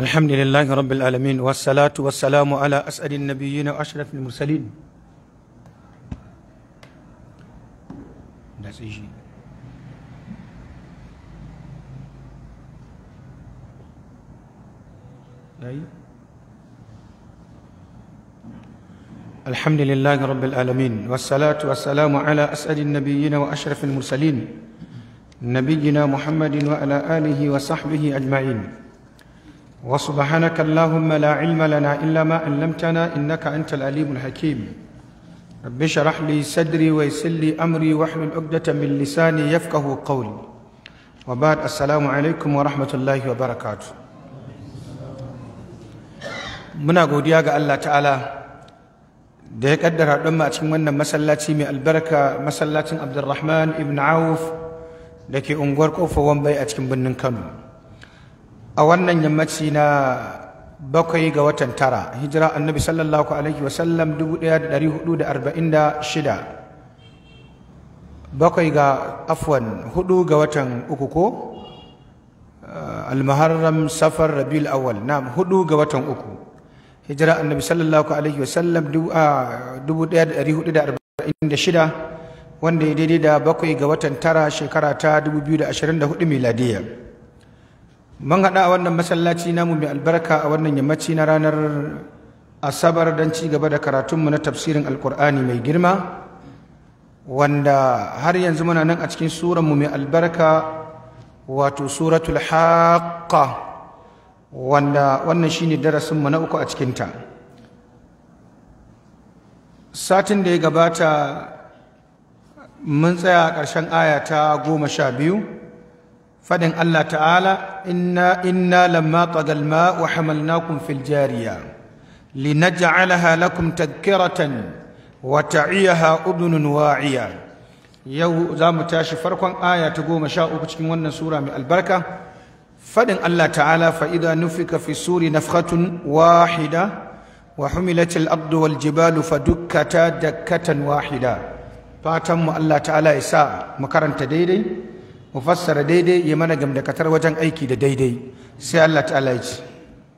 الحمد لله رب العالمين والصلاة والسلام على أسعد النبيين وأشرف المرسلين الحمد لله رب العالمين والصلاة والسلام على أسعد النبيين وأشرف المرسلين نبينا محمد وعلى آله وصحبه أجمعين وسبحانك اللهم لا علم لنا إلا ما علمتنا إنك أنت العليم الحكيم رب اشرح لي صدري ويسر لي أمري واحلل عقدة من لساني يفقه قولي وبعد السلام عليكم ورحمة الله وبركاته muna godiya ga Allah ta'ala da ya kaddara don a cikin wannan masallaci mai albarka masallacin abdulrahman ibn auf da ke unguwar kofar wambai a cikin birnin kano a wannan yammaci na bakwai ga watan tara hijira annabi sallallahu alaihi wasallam shida. bakwai ga afwan hudu ga watan uku ko eh, almuharram safar rabiul awwal na hudu ga watan uku hijira annabi sallallahu alaihi wasallam ah, shida. wanda ya daidai da bakwai ga watan tara shekara ta dubu biyu da da ashirin 2024 miladiyya Mun haɗa a wannan masallaci namu mai albarka a wannan yammaci na ranar asabar don ci gaba da karatunmu na tafsirin alkur'ani mai girma wanda har yanzu muna nan a cikin suranmu mai albarka wato suratul haqqa wanda wannan shine darasinmu na uku a cikinta satin da ya gabata mun tsaya a ƙarshen Ayata goma sha biyu fadin Allah ta'ala inna inna lamma tagal ma wa hamalnakum fil jariya linaj'alaha lakum tadhkiratan wa ta'iyaha udunun wa'iya yau za mu tashi farkon aya ta goma sha uku cikin wannan sura mai albarka fadin Allah ta'ala fa idza nufika fi suri nafkhatun wahida wa humilatil abdu wal jibalu fadukkata dakkatan wahida fatan mu Allah ta'ala ya sa mu karanta daidai mu fassara daidai ya mana gamdakatar wajen aiki da daidai sai Allah ta'ala ya ce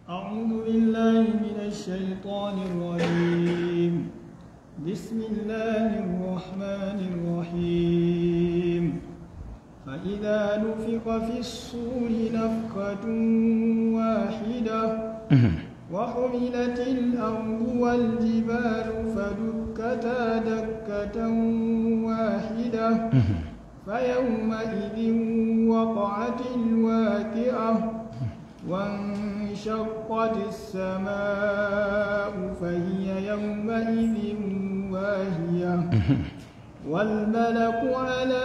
a'udhu billahi minash shaitanir rajim bismillahir rahmanir rahim fa idza nufiqa wahida وحملت الأرض والجبال فدكتا دكة واحدة فيومئذ وقعت الواقعة وانشقت السماء فهي يومئذ واهية والملك على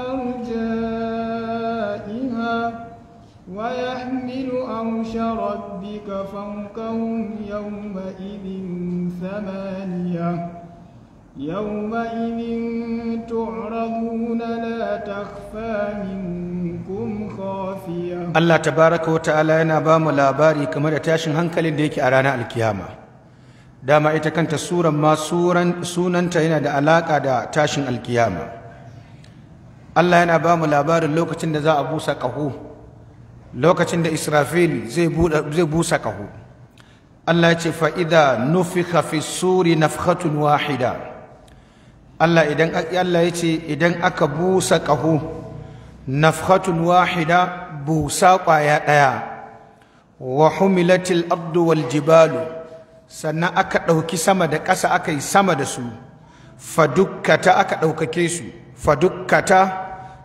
أرجائها ويحمل أرش ربك فوقهم يومئذ ثمانية يومئذ تعرضون لا تخفى منكم خافية الله تبارك وتعالى yana ba mu labari kamar da tashin hankalin da yake a ranar alkiyama dama ita kanta suran ma yana da alaƙa da tashin alkiyama Allah yana ba mu labarin lokacin da za a busa ƙaho lokacin da Israfil zai busa ƙaho Allah yace, fa'ida nufika fi suri nafhatun wahida Allah idan Allah ya ce idan aka busa ƙaho nafhatun wahida busa ƙwaya ɗaya wa humilatil ardu jibalu sannan aka ɗauki sama da ƙasa aka yi sama da su fadukkata aka ɗaukake su fadukkata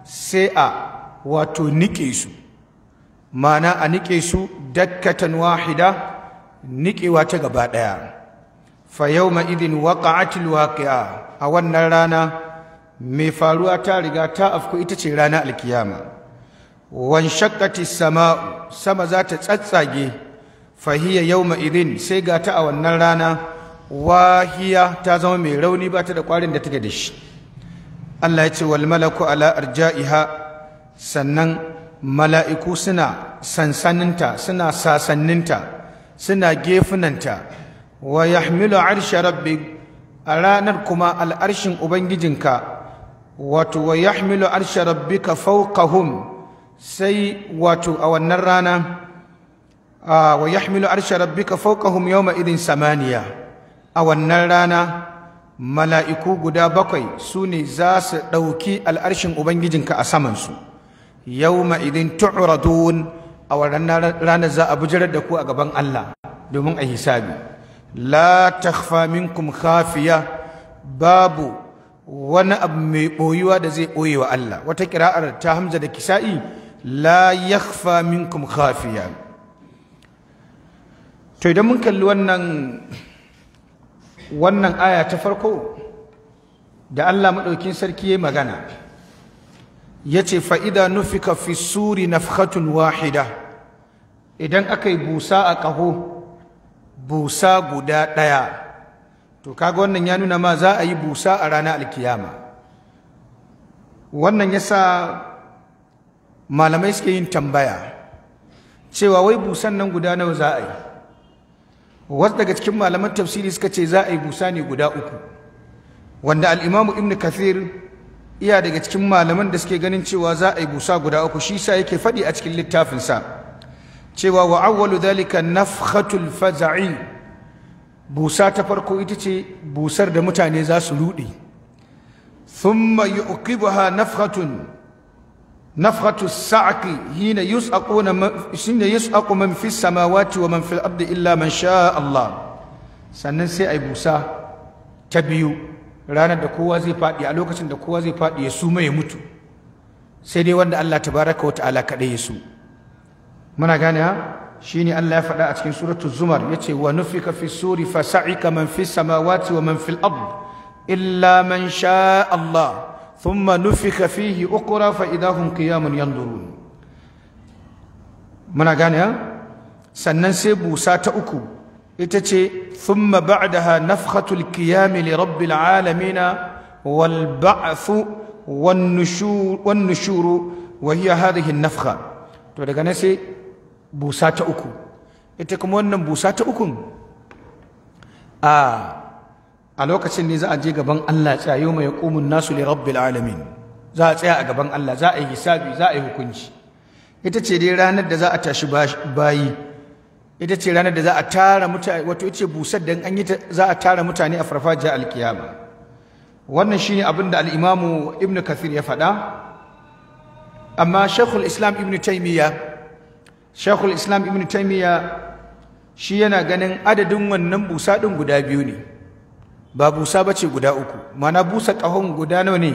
sai a wato niƙe su mana a niƙe su dakkatan wahida niƙewa ta gaba ɗaya fa yawma idin waqa'atil waƙa a wannan rana mai faruwa ta riga ta afku ita ce rana alkiyama wan shaqqati sama'u sama za ta tsatsage fa hiya yawma idin sai ga ta a wannan rana wahiya ta zama mai rauni ba ta da kwarin da take da shi Allah ya ce wal malaku ala arja'iha sannan mala'iku suna sansaninta suna sasanninta suna gefunanta wa yahmilu arsha rabbik a ranar kuma al'arshin ubangijinka wato wa yahmilu arsha rabbika fawqahum sai wato a wannan rana wa yahmilu arsha rabbika fawqahum yawma idin samaniya a wannan rana mala'iku guda bakwai su ne za su ɗauki al'arshin ubangijinka a samansu yawma idin tu'radun a wannan ranar za a bujirar da ku a gaban Allah domin a hisabi la takhfa minkum khafiya babu wani abu mai boyuwa da zai ɓoye wa Allah wata kira'ar ta Hamza da Kisa'i la yakhfa minkum khafiya to idan mun kalli wannan aya ta farko da Allah madaukin sarki yayi magana yace fa idza nufika fi suri nafhatun wahida idan akai busa a kaho busa guda ɗaya to kaga wannan ya nuna ma za a yi busa a ranar alkiyama wannan ya sa malamai suke yin tambaya cewa wai busan nan guda nawa za a yi wasu daga cikin malaman tafsiri suka ce za a yi busa ne guda uku wanda al'imamu ibn kathir iya daga cikin malaman da suke ganin cewa za a yi busa guda uku shi sa yake faɗi a cikin littafinsa cewa wa awwalu dhalika nafhatul faza'i busa ta farko ita ce busar da mutane za su rude thumma yuqibuha nafhatun nafhatu sa'qi hina yus'aquna shine yus'aqu man fis samawati wa man fil ardi illa man sha Allah sannan sai ai busa ta biyu ranar da kowa zai fadi a lokacin da kowa zai fadi ya suma ya mutu sai dai wanda Allah tabaraka wa ta'ala kadai ya su muna gane ha ne Allah ya faɗa a cikin suratul zumar yace wa nufi fi suri fa sa'ika man fi samawati wa man fil illa man sha Allah thumma nufika fihi ukura fa idahum qiyamun yanzurun muna gane ha sannan sai busa ta uku ita ce thumma ba'daha nafkhatul qiyam li rabbil alamin wal ba'th wan nushur wa hiya hadhihi an to daga nan sai busa ta uku ita kuma wannan busa ta ukun a lokacin ne za a je gaban Allah tsaya yau mai yaqumun nasu li rabbil alamin za a tsaya a gaban Allah za a yi hisabi za a yi hukunci ita ce dai ranar da za a tashi bayi ita ce ranar da za a tara mutane wato ita ce busar da an yi za a tara mutane a farfajiyar alkiyama wannan shine abin da al ibnu kathir ya faɗa amma shaykhul islam ibnu taimiyya. shekul islam ibn taimiyya shi yana ganin adadin wannan busa ɗin guda biyu ne ba busa ba ce guda uku mana busa ƙahon guda nawa ne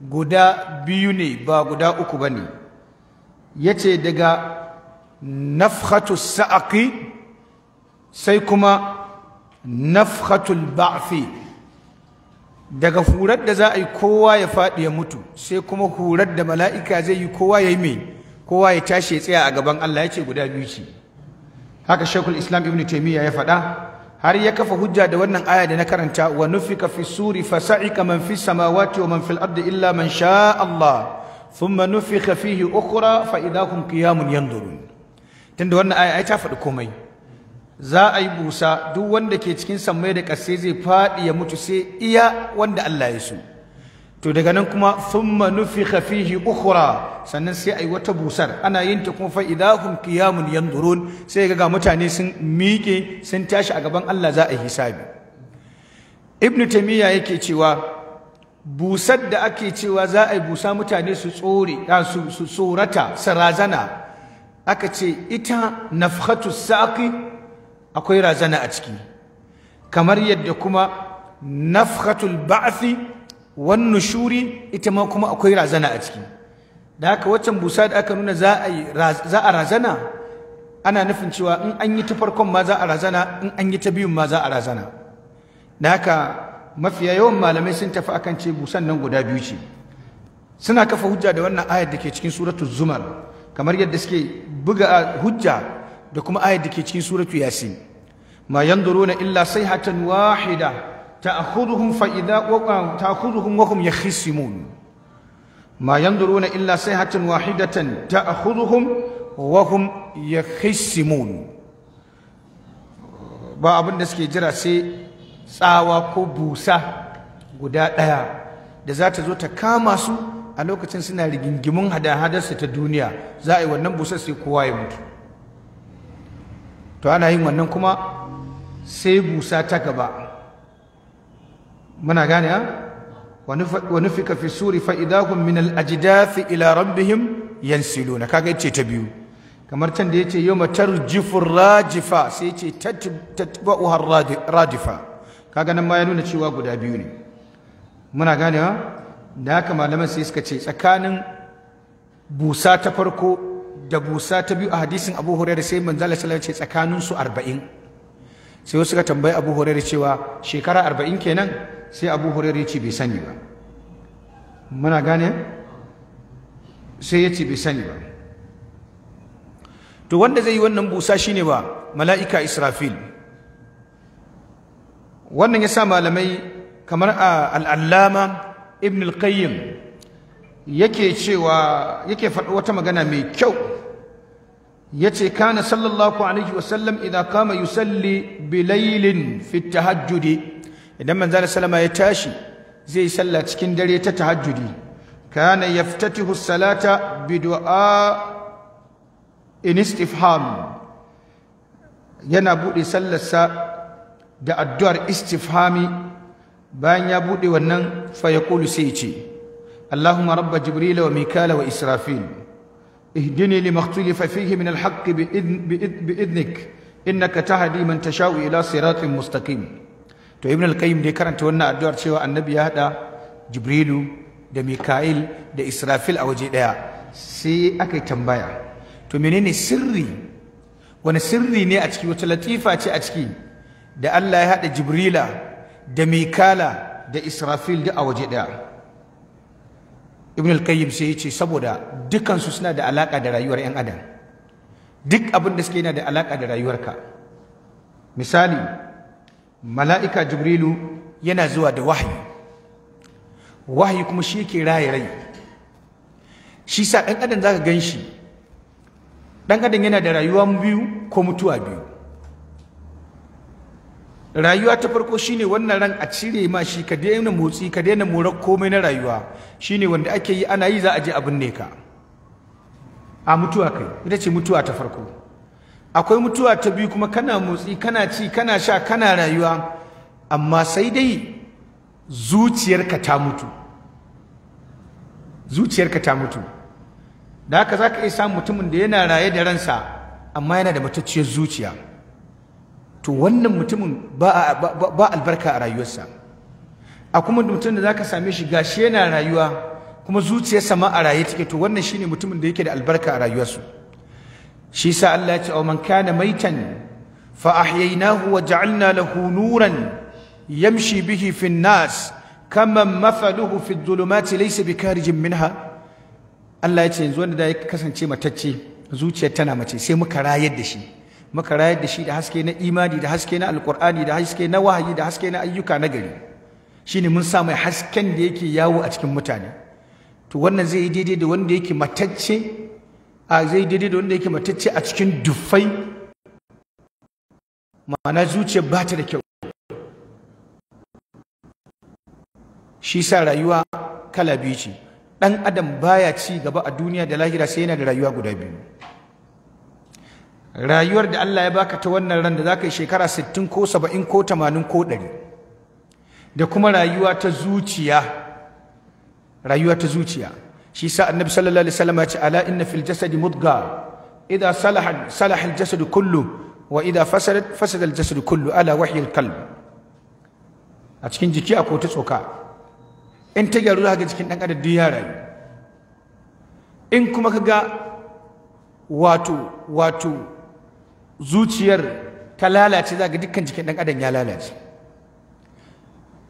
guda biyu ne ba guda uku ba ne ya ce daga nafhatu sa'aƙi sai kuma nafhatul ba'fi daga hurar da za a yi kowa ya faɗi ya mutu sai kuma hurar da mala'ika zai yi kowa ya yi mai kowa ya tashi ya tsaya a gaban Allah ya ce guda biyu ce haka shekul islam ibn taimiyya ya faɗa har ya kafa hujja da wannan aya da na karanta wa nufika fi suri fa sa'ika man fi samawati wa man fil ardi illa man sha Allah thumma nufika fihi ukhra fa idahum qiyamun yanzurun tunda wannan aya ai ta faɗi komai za a yi busa duk wanda ke cikin sammai da ƙasai zai faɗi ya mutu sai iya wanda Allah ya so to daga nan kuma thumma nufikha fihi ukhra sannan sai ai wata busar ana yin ta kuma fa idahum qiyamun yanzurun sai ga mutane sun miƙe sun tashi a gaban Allah za a yi hisabi ibnu tamiya yake cewa busar da ake cewa za a yi busa mutane su tsore su tsorata su razana aka ce ita nafhatu saqi akwai razana a ciki kamar yadda kuma nafhatul ba'thi Wannan shuri ita ma kuma akwai razana a ciki da haka waccan busa da aka nuna za a razana ana nufin cewa in an yi ta farkon ma za a razana in an yi ta biyun ma za a razana da haka mafiya yawan malamai sun tafi akan ce busan nan guda biyu ce suna kafa hujja da wannan ayar da ke cikin suratul zumar kamar yadda suke buga hujja da kuma ayar da ke cikin suratu yasin ma yanzuruna illa sayhatan wahida تأخذهم ta'khuduhum wa hum yakhsimun ma yanduruna illa sayhatan wahidatan ta'khuduhum wa hum yakhsimun ba abin da suke jira sai tsawa ko busa guda ɗaya da za ta zo ta kama su a lokacin suna rigingimin hada-hadarsa ta duniya za a yi wannan busar sai kowa ya mutu to ana yin wannan kuma sai busa ta gaba muna gane wa nufika fi suri fa idahum min al ilaran ila rabbihim yansiluna kaga yace ta biyu kamar can da yace yawma tarjifu rajifa sai yace tatba'uha rajifa kaga nan ma ya nuna cewa guda biyu ne muna gane da haka malaman sai suka ce tsakanin busa ta farko da busa ta biyu a hadisin Abu Hurairah sai manzo Allah sallallahu ce tsakanin su arba'in. sai wasu suka tambayi abu hurairu cewa shekara arba'in kenan sai abu hurairu ya ce bai sani ba muna gane sai ya ce bai sani ba to wanda zai yi wannan busa shi ne ba mala'ika israfil wannan ya sa malamai kamar a al'allama ibn al-qayyim yake cewa yake faɗi wata magana mai kyau Ya yace kana sallallahu alaihi wasallam idan kama yusalli bilailin fi tahajjudi idan manzo ya tashi zai yi sallah cikin dare ta tahajjudi kana yaftatihu salata bi du'a in istifham yana bude sallarsa da addu'ar istifhami bayan ya bude wannan fa yaqulu sai ce Allahuma rabba jibril wa mikala wa israfil اهدني لما اختلف فيه من الحق بإذن بإذن بإذنك إنك تهدي من تشاء إلى صراط مستقيم to ibn al-qayyim dai karanta wannan addu'ar cewa annabi ya hada jibrilu da mika'il da israfil a waje ɗaya, sai aka yi tambaya to menene sirri wani sirri ne a ciki wata latifa ce a ciki da Allah ya haɗa jibrila da mikala da israfil duk a waje ɗaya? ibn al-qayyim sai yace saboda dukansu suna da alaka da rayuwar yan adam duk abin da suke yana da alaka da rayuwarka misali mala'ika jibrilu yana zuwa da wahayi wahayi kuma shi yake raye rai shi sa ɗan adam zaka gan shi ɗan adam yana da rayuwa biyu ko mutuwa biyu rayuwa ta farko shine wannan ran a cire ma shi ka daina motsi ka daina morar komai na rayuwa shine wanda ake yi ana yi za a je abin ne ka a mutuwa kai ita ce mutuwa ta farko akwai mutuwa ta biyu kuma kana motsi kana ci kana sha kana rayuwa amma sai dai zuciyarka ta mutu zuciyarka ta mutu da haka za ka iya samun mutumin da yana raye da ransa amma yana da matacciyar zuciya to wannan mutumin ba albarka a rayuwarsa a kuma mutum da zaka same shi gashi yana rayuwa kuma zuciyarsa ma a raye take to wannan shine mutumin da yake da albarka a rayuwarsu shi sa Allah ya ce man kana maitan fa ahyaynahu wa ja'alna lahu nuran yamshi bihi fi nas kama mafaluhu fi dhulumati laysa bikarijin minha Allah ya ce yanzu wanda da ya kasance matacce zuciyar tana mace sai muka rayar da shi muka rayar da shi da haske na imani da haske na alkur'ani da haske na wahayi da haske na ayyuka na gari shine mun sa mai hasken da yake yawo a cikin mutane to wannan zai yi daidai da wanda yake matacce a zai daidai da wanda yake matacce a cikin dufai ma'ana zuciya ba ta da kyau shi sa rayuwa kala biyu ce ɗan adam baya ci gaba a duniya da lahira sai yana da rayuwa guda biyu rayuwar da Allah ya baka ta wannan ran da za ka yi shekara 60 ko 70 ko 80 ko 100 da kuma rayuwa ta zuciya rayuwa ta zuciya shi sa annabi sallallahu alaihi wasallam ya ce ala inna fil jasad mudga idha salaha salaha al jasad kullu wa idha fasadat fasada al jasad kullu ala wahyi al qalb a cikin jiki akwai ta tsoka in ta gyaru za ka cikin dan adam ya rayu in kuma ka ga wato wato zuciyar ta lalace za ga dukkan jikin ɗan adam ya lalace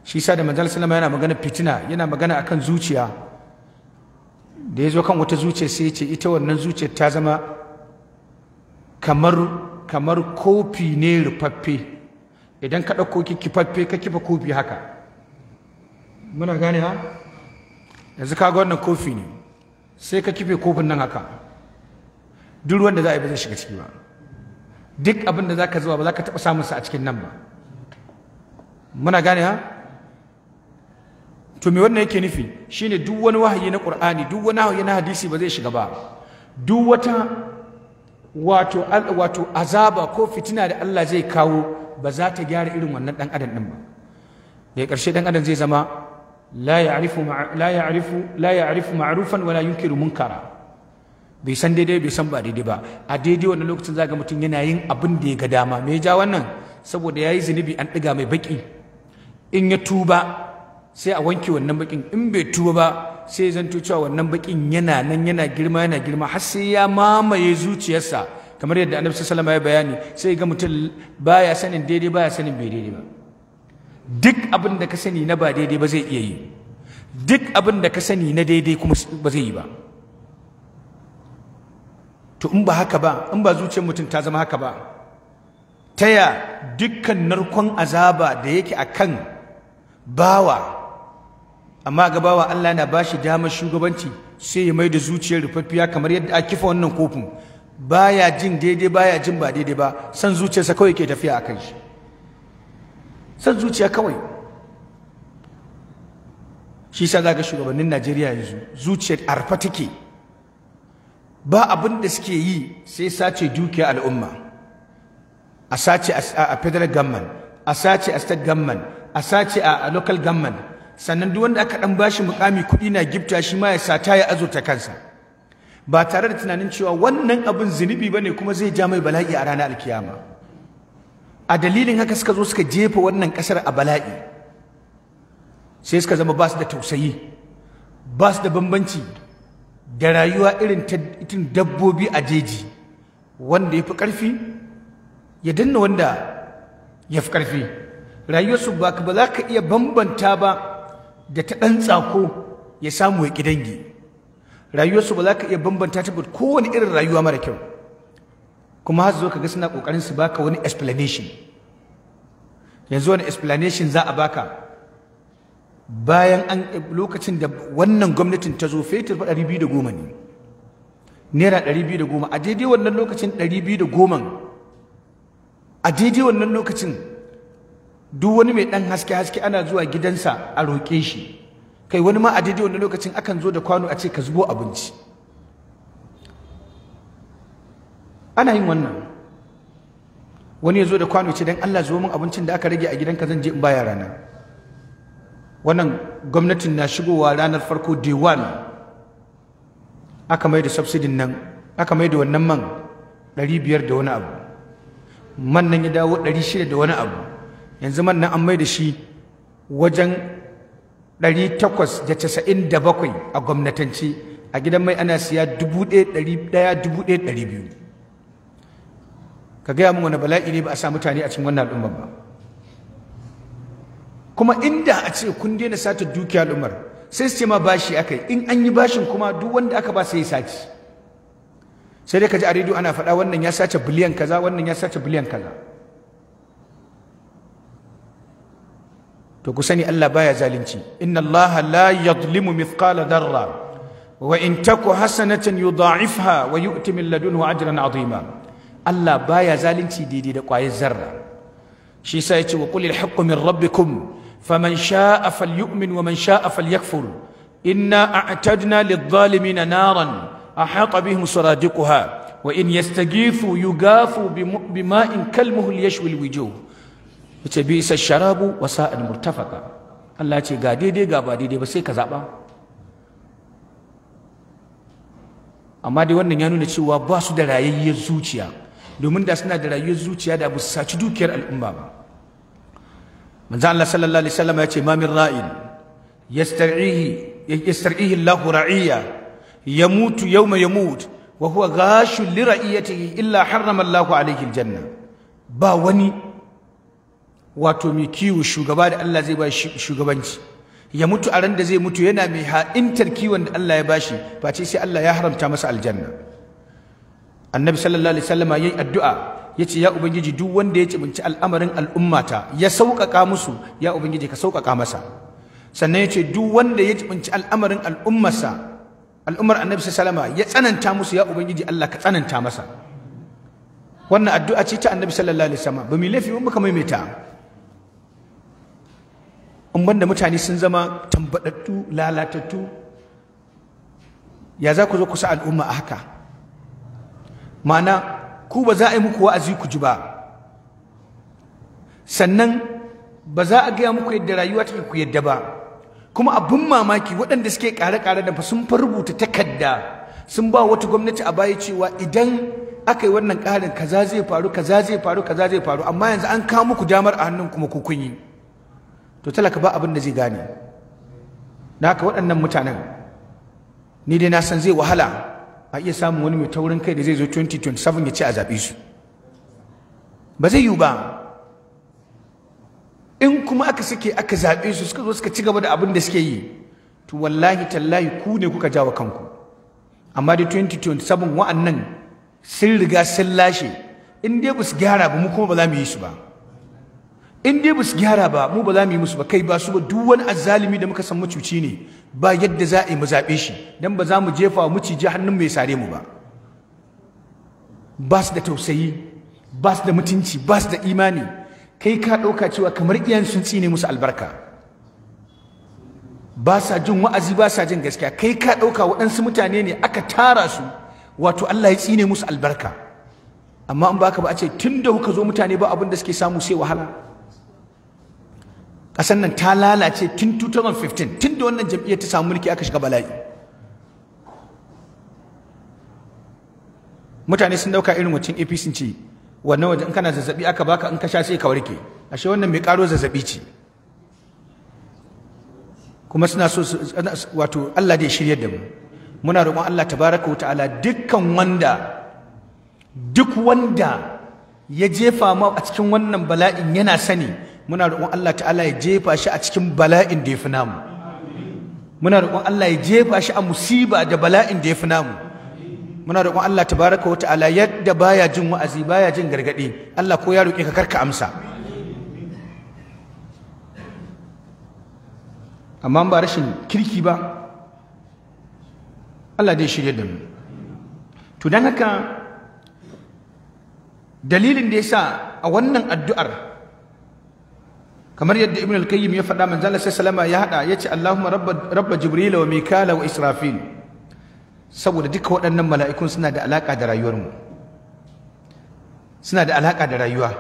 shi sa da manzal sallama yana magana fitina yana magana akan zuciya da ya zo kan wata zuciya sai ya ce ita wannan zuciyar ta zama kamar kamar kofi ne rufaffe idan ka ɗauko kifaffe ka kifa kofi haka muna gane ha yanzu ka ga wannan kofi ne sai ka kife kofin nan haka duk ruwan da za a yi ba zai shiga ciki ba duk abin da za ka zuwa ba za ka taɓa samun sa a cikin nan ba muna gane ha to me wannan yake nufi shine duk wani wahayi na Qur'ani duk wani wahayi na hadisi ba zai shiga ba duk wata wato wato azaba ko fitina da Allah zai kawo ba za ta gyara irin wannan dan adam din ba da karshe dan adam zai zama la ya'rifu la ya'rifu la ya'rifu ma'rufan wala yunkiru munkara bai san daidai bai san ba daidai ba a daidai wani lokacin zaga mutum yana yin abin da ya ga dama me ya ja wannan saboda ya yi zunubi an ɗiga mai baƙi in ya tuba sai a wanke wannan baƙin in bai tuba ba sai ya zanto cewa wannan baƙin yana nan yana girma yana girma har sai ya mamaye zuciyarsa kamar yadda annabi sallallahu ya bayani sai ga mutum baya sanin daidai baya sanin bai daidai ba duk abin da ka sani na ba daidai ba zai iya yi duk abin da ka sani na daidai kuma ba zai yi ba to in ba haka ba in ba zuciyar mutum ta zama haka ba taya dukkan narkon azaba da yake kan bawa amma ga bawa Allah yana bashi damar shugabanci sai ya mai da zuciyar rufaffiya kamar yadda a kifa wannan kofin baya jin daidai baya jin ba daidai ba san zuciyarsa kawai ke tafiya a kan shi san zuciya kawai shi sa za ga shugabannin najeriya yanzu zuciyar arfa take ba abin da suke yi sai sace dukiya al'umma a sace a federal government a sace a state government a sace a local government sannan duk wanda aka dan bashi mukami kuɗi na gifta shi ma ya sata ya azurta kansa ba tare da tunanin cewa wannan abin zunubi bane kuma zai ja mai bala'i a ranar alkiyama a dalilin haka suka zo suka jefa wannan kasar a bala'i sai suka zama ba su da tausayi ba su da bambanci da rayuwa irin ta itin dabbobi a jeji wanda ya fi ƙarfi ya danna wanda ya fi ƙarfi rayuwarsu ba ba za ka iya bambanta ba da ta ɗan tsako ya samu ya ƙidangi rayuwarsu ba za ka iya bambanta ta kowane irin rayuwa mara kyau kuma har zo ka ga suna ƙoƙarin su baka wani explanation yanzu wani explanation za a baka bayan an lokacin da wannan gwamnatin ta zo fetur fa ɗari biyu da goma ne naira ɗari biyu da goma a daidai wannan lokacin ɗari biyu da goma a daidai wannan lokacin duk wani mai ɗan haske haske ana zuwa gidansa a roƙe shi kai wani ma a daidai wannan lokacin akan zo da kwano a ce ka zubo abinci ana yin wannan wani ya zo da kwano ce don Allah zo min abincin da aka rage a gidanka zan je in ba ranar wannan gwamnatin na shigowa ranar farko day one aka mai da subsidin nan aka mai da wannan man 500 da wani abu man nan ya dawo 600 da wani abu yanzu man nan an mai da shi wajen 897 a gwamnatanci a gidan mai ana siya 1,200 ka gaya min wani bala'i ne ba a sa mutane a cikin wannan al'umma ba kuma inda a ce kun daina sata dukiya Umar, sai su ce ma bashi akai in an yi bashin kuma duk wanda aka ba sai ya saci sai dai ka ji a rediyo ana faɗa wannan ya sace biliyan kaza wannan ya sace biliyan kaza to ku sani Allah baya zalunci inna Allah la yadhlimu mithqala darra وإن تك حسنة يضاعفها ويؤتي من لدنه أجرا عظيما الله بايا زالنتي دي دي دقوا الزرة شي سايتي وقل الحق من ربكم faman sha'a falyu'min wa man sha'a falyakfur inna a'tadna lidh-dhalimin naran ahata bihim saradiquha wa in yastaghithu yughathu bima'in kalmuhul yashwi al-wujuh wace bi isa sharabu wa sa'ad murtafaka Allah ce ga daidai ga ba daidai ba sai ka zaɓa. amma dai wannan ya nuna cewa ba su da rayayyar zuciya domin da suna da rayayyar zuciya da abu saci dukiyar al'umma ba manzo Allah sallallahu alaihi wasallam ya ce ma min ra'in yastar'ihi yastar'ihi Allah ra'iya yamutu yawma yamut wa huwa ghashu li ra'iyatihi illa harrama Allah alaihi aljanna ba wani wato mai kiwo shugaba da Allah zai ba shugabanci ya mutu a ran da zai mutu yana mai ha'intar kiwon da Allah ya bashi face sai Allah ya haramta masa aljanna annabi sallallahu alaihi wasallam yayi addu'a yace ya ubangiji duk wanda ya ci al'amarin al'ummata ya sauƙaƙa musu ya ubangiji ka sauƙaƙa masa sannan yace duk wanda ya ci al'amarin al'ummasa al'ummar annabi salama ya tsananta musu ya ubangiji Allah ka tsananta masa wannan addu'a ce ta annabi sallallahu alaihi wasallam ba mu lafi ba muka maimaita in banda mutane sun zama tambadattu lalatattu ya za ku zo kusa al'umma a haka ma'ana ku ba za a yi muku wa'azi ku ji ba sannan ba za a gaya muku yadda rayuwa take ku yadda ba kuma abin mamaki waɗanda suke ƙare-ƙare da sun fa rubuta takarda sun ba wata gwamnati a baya cewa idan aka yi wannan ƙarin kaza zai faru kaza zai faru kaza zai faru amma yanzu an kawo muku damar a hannun kuma ku kun yi to talaka ba abin da zai gane na haka waɗannan mutanen ni dai na san zai wahala a iya samun wani mai taurin kai da zai zo 2027 ya ce a zaɓe su ba zai yiwu ba in kuma aka sake aka zaɓe su suka zo suka ci gaba da abin da suke yi to wallahi tallahi ku ne kuka jawa kanku amma da 2027 wa'annan sun riga sun lashe in dai ba su gyara ba mu kuma ba za mu yi su ba in dai ba su gyara ba mu ba za mu yi musu ba kai ba su ba duk wani azzalimi da muka san macuci ne ba yadda za a yi mu zaɓe shi don ba za mu jefa wa muciji hannun mai sare mu ba ba su da tausayi ba su da mutunci ba su da imani kai ka ɗauka cewa kamar iyan sun tsine musu albarka ba sa jin wa'azi ba sa jin gaskiya kai ka ɗauka waɗansu mutane ne aka tara su wato Allah ya tsine musu albarka amma in baka ba a ce tun da kuka zo mutane ba abin da suke samu sai wahala kasan nan ta lalace tun 2015 tun da wannan jam'iyyar ta samu mulki aka shiga bala'i mutane sun dauka irin wancan APC ce wannan waje in kana zazzabi aka baka in ka sha sai ka warke ashe wannan mai karo zazzabi ce kuma suna so wato Allah da ya shiryar da mu muna roƙon Allah tabaraka wata ala dukkan wanda duk wanda ya jefa mu a cikin wannan bala'in yana sani muna roƙon Allah ta'ala ya jefa shi a cikin bala'in da ya fi namu muna roƙon Allah ya jefa shi a musiba da bala'in da ya fi namu muna roƙon Allah tabaraka wata'ala yadda baya jin wa'azi baya jin gargaɗi Allah ko ya roƙe ka karka amsa amma ba rashin kirki ba Allah dai shirye da mu to dan haka dalilin da ya sa a wannan addu'ar kamar yadda ibn al ya faɗa manzo Allah salama ya hada yace Allahumma rabba rabba jibril wa mikala wa israfil saboda duka waɗannan mala'ikun suna da alaka da rayuwar mu suna da alaka da rayuwa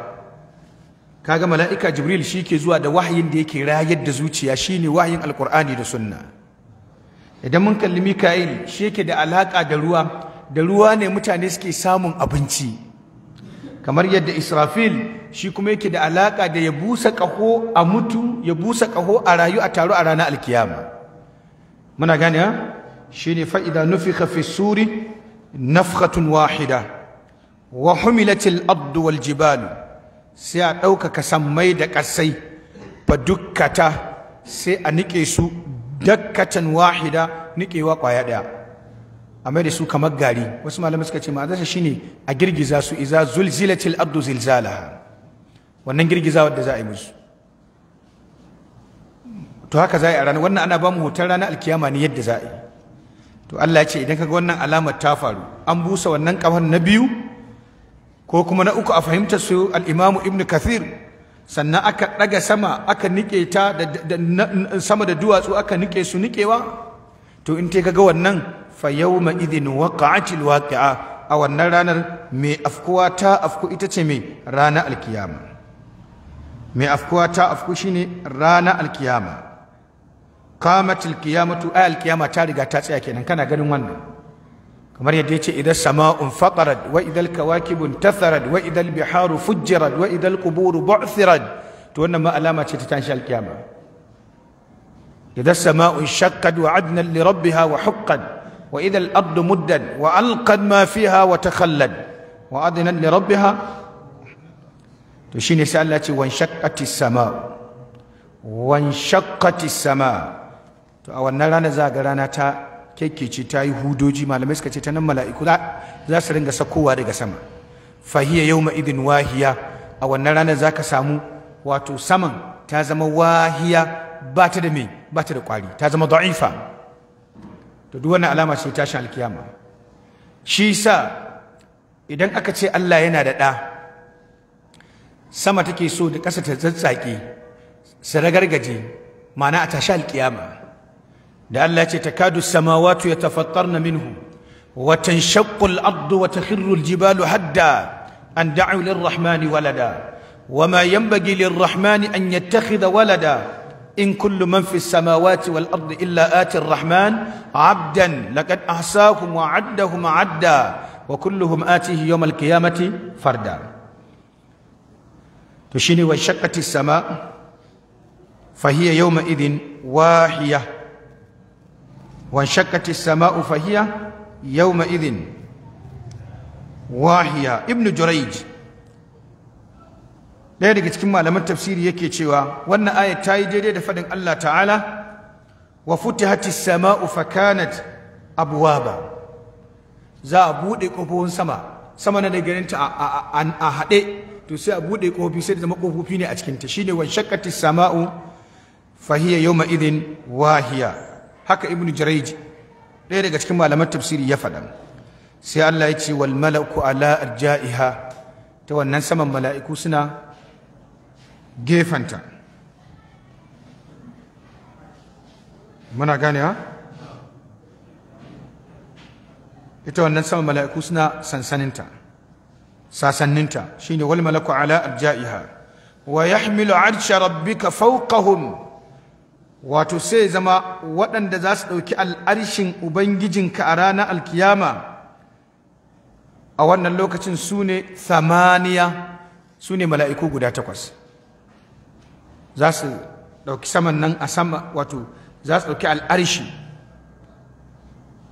kaga mala'ika jibril shi ke zuwa da wahayin da yake rayar da zuciya shine wahayin Alkur'ani da sunna idan mun kalli mika'il shi yake da alaka da ruwa da ruwa ne mutane suke samun abinci kamar yadda Israfil shi kuma yake da alaka da ya busa kaho a mutu ya busa kaho a rayu a taro a ranar alkiyama muna gane shine ne fa'ida nufikha fi suri nafkhatun wahida wa humilatil ardu wal jibalu sai a ɗaukaka sammai da ƙasai ba dukkata sai a nike su dakkatan wahida nikewa ƙwaya ɗaya a mai da su kamar gari wasu malamai suka ce shi shine a girgiza su iza zulzilatil ardu zilzalaha wannan girgizawar da za a yi musu to haka za a yi a ranar wannan ana ba mu hoton ranar alkiyama ne yadda za a yi to Allah ya ce idan kaga wannan alamar ta faru an busa wannan kafar na biyu ko kuma na uku a fahimtar su al imamu Ibn Kathir sannan aka daga sama aka nike ta da sama da duwatsu aka nike su nikewa to in te kaga wannan fa yawma idhin waqa'atil waqi'a a wannan ranar mai afkuwa ta afku ita ce mai rana alkiyama mai afkuwa ta afku shine rana alkiyama qamatil qiyamatu ay alkiyama ta riga ta tsaya kenan kana ganin wannan kamar yadda yace idan sama'un faqarat wa idal kawakibun tatharat wa idal biharu fujjirat wa idal quburu bu'thirat to wannan ma alama ce ta tashi alkiyama idan sama'un shaqqat wa adna li rabbiha wa huqqat وإذا الأرض مدت وألقت ما فيها وتخلت وأذنت لربها تشيني سألتي وانشقت السماء وانشقت السماء to a wannan rana za ga rana ta kekkece ta yi hudoji malamai suka ce ta nan mala'iku za su ringa sakowa daga sama fahiya yawma idin wahiya a wannan ranar za ka samu wato saman ta zama wahiya ba ta da me ta da kwari ta zama da'ifa to duk wannan alama ce tashin alkiyama shi sa idan aka ce Allah yana da ɗa sama take so da ƙasa ta zazzake su ragargaje ma'ana a tashi alkiyama da Allah ce takadu samawatu yatafattarna minhu wa tanshaqqu al-ardu wa takhirru al-jibalu hadda an da'u lir-rahmani walada وما ينبغي rahmani an يتخذ walada. إن كل من في السماوات والأرض إلا آتي الرحمن عبدا لقد أحساكم وعدهم عدا وكلهم آتيه يوم القيامة فردا تشيني وشقة السماء فهي يومئذ واهية وانشقت السماء فهي يومئذ واهية ابن جريج ɗaya daga cikin malaman tafsiri yake cewa wannan aya ta yi daidai da faɗin Allah ta'ala wa futihati sama'u fakanat abwaba za a buɗe ƙofofin sama sama na dagarinta a haɗe to sai a buɗe ƙofofi sai da zama ƙofofi ne a cikin cikinta shine wa shakkati sama'u fahiya yawma idin wahiya haka ibnu jaraiji ɗaya daga cikin malaman tafsiri ya faɗa sai Allah ya ce wal mala'iku ala arja'iha ta wannan saman mala'iku suna gefanta muna ganewa ita wannan sama mala'iku suna sansaninta sasanninta ne wal malaku ala arja'iha wa ya yahmilu arsha rabbika fawqahum wato sai zama waɗanda za su ɗauki al'arshin ubangijinka a ranar alkiyama a wannan lokacin su ne samaniya su ne mala'iku guda takwas za su ɗauki saman nan a sama wato za su ɗauki al'arshi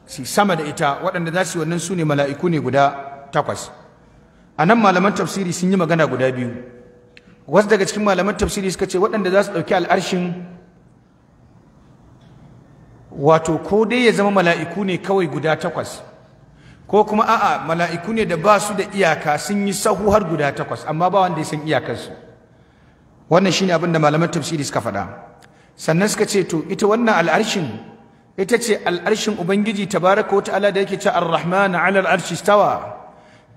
su sama da ita waɗanda za su yi wannan su ne mala'iku ne guda takwas a nan malaman tafsiri sun yi magana guda biyu wasu daga cikin malaman tafsiri suka ce waɗanda za su ɗauki al'arshin wato ko dai ya zama mala'iku ne kawai guda takwas ko kuma a'a mala'iku ne da ba su da iyaka sun yi sahu har guda takwas amma ba wanda ya san iyakarsu wannan shine abin da malaman tafsiri suka faɗa sannan suka ce to ita wannan al'arshin ita ce al'arshin ubangiji tabaraka wa ta'ala da yake ce ar-rahman 'ala al-arshi istawa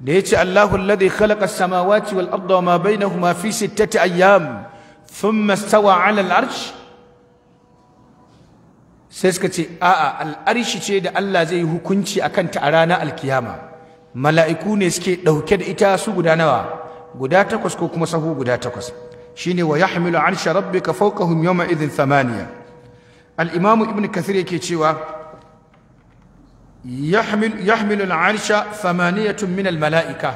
da yace Allahu alladhi khalaqa as-samawati wal arda wa ma bainahuma fi sittati ayyam thumma istawa 'ala al-arsh sai suka ce a'a al'arshi ce da Allah zai yi hukunci a kanta a ranar alkiyama mala'iku ne suke ɗauke da ita su guda nawa guda takwas ko kuma sahu guda takwas shine wa yahmilu arsha rabbika fawqahum yawma idhin thamaniya al-imamu ibn kathir yake cewa yahmil yahmilu al-arsha thamaniyatun min al-mala'ika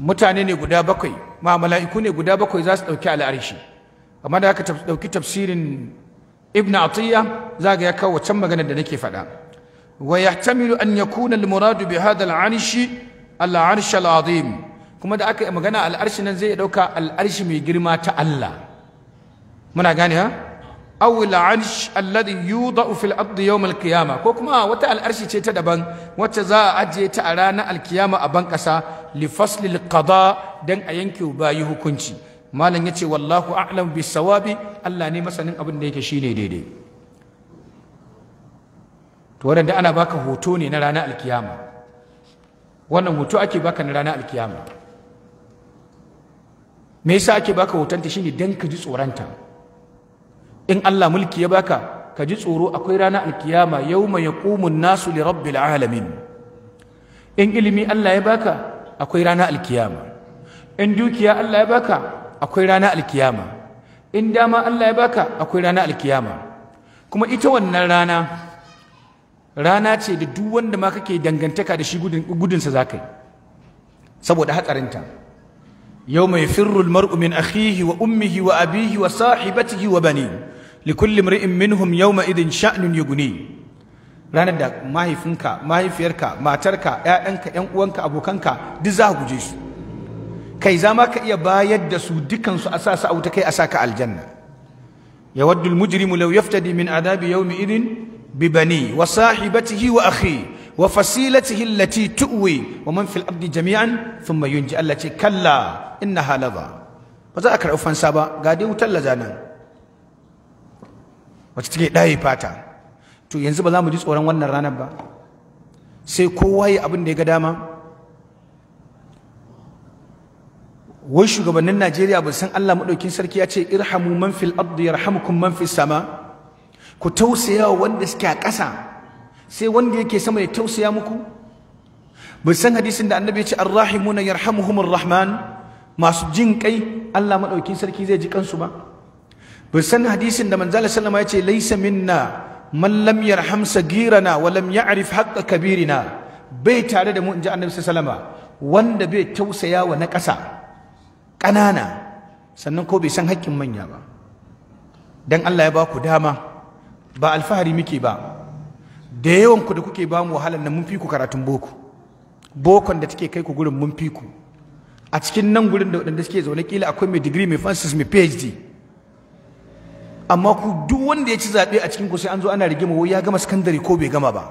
mutane ne guda bakwai ma mala'iku ne guda bakwai za su dauki al'arshi amma da aka dauki tafsirin ibn atiya zaga ya kawo can maganar da nake faɗa wa yahtamilu an yakuna al-muradu bi hadha arshi al azim kuma da aka yi magana al'arshi nan zai ɗauka al'arshi mai girma ta Allah muna gane ha aw al'arsh alladhi yudau fil ard yawm al ko kuma wata al'arshi ce ta daban wacce za a ajiye ta a ranar alkiyama a ban kasa li fasli al-qada dan a yanke bayi hukunci malam yace wallahu a'lam bis sawabi Allah ne masanin abin da yake shine daidai to wadanda ana baka hoto ne na ranar alkiyama wannan hoto ake baka na ranar alkiyama me yasa ake baka hotonta shine dan ka ji tsoronta in Allah mulki ya baka ka ji tsoro akwai rana alkiyama yawma yaqumu nasu li rabbil alamin in ilimi Allah ya baka akwai rana alkiyama in dukiya Allah ya baka akwai rana alkiyama in dama Allah ya baka akwai rana alkiyama kuma ita wannan rana rana ce da duk wanda ma kake dangantaka da shi gudunsa za saboda hatsarinta يوم يفر المرء من أخيه وأمه وأبيه وصاحبته وبنيه لكل امرئ منهم يومئذ شأن يغنيه ranar da mahaifinka mahaifiyarka matarka ƴaƴanka ƴan uwanka abokanka duk za guje su kai za ma ka iya bayar da su dukansu a sa su a wuta kai a sa ka aljanna yawaddu almujrimu law yaftadi min adabi yawmi idin bi bani wa sahibatihi wa akhihi wa fasilatihi allati tu'wi wa man fil abdi jami'an thumma yunji Allah ce kalla innaha laza ba za a karɓi fansa ba ga dai wutar laza nan wacce take ɗaye fata to yanzu ba za mu ji tsoron wannan ranar ba sai kowa yi abin ya ga dama wai shugabannin Najeriya ba san Allah madaukin sarki ya ce irhamu man fil ardi yarhamukum man fis sama ku tausaya wanda suke a ƙasa sai wanda yake sama ya tausaya muku Ban san hadisin da annabi ya ce arrahimuna yarhamuhumur rahman masu jin kai Allah madaukin sarki zai ji kansu ba mun san hadisin da manzala sallama ya ce laysa minna man lam yarham sagirana wa lam ya'rif haqqa kabirina bai tare da mu inji annabi sallama wanda bai tausaya wa na ƙasa ƙanana sannan ko bai san haƙƙin manya ba dan Allah ya ba ku dama ba alfahari muke ba da yawan ku da kuke bamu mu wahalar nan mun fi ku karatun boko bokon da take kai ku gurin mun fi ku a cikin nan gurin da waɗanda suke zaune kila akwai mai digiri mai fansis mai phd amma ku duk wanda ya ci zaɓe a cikin ku sai an zo ana rigima wai ya gama sakandare ko bai gama ba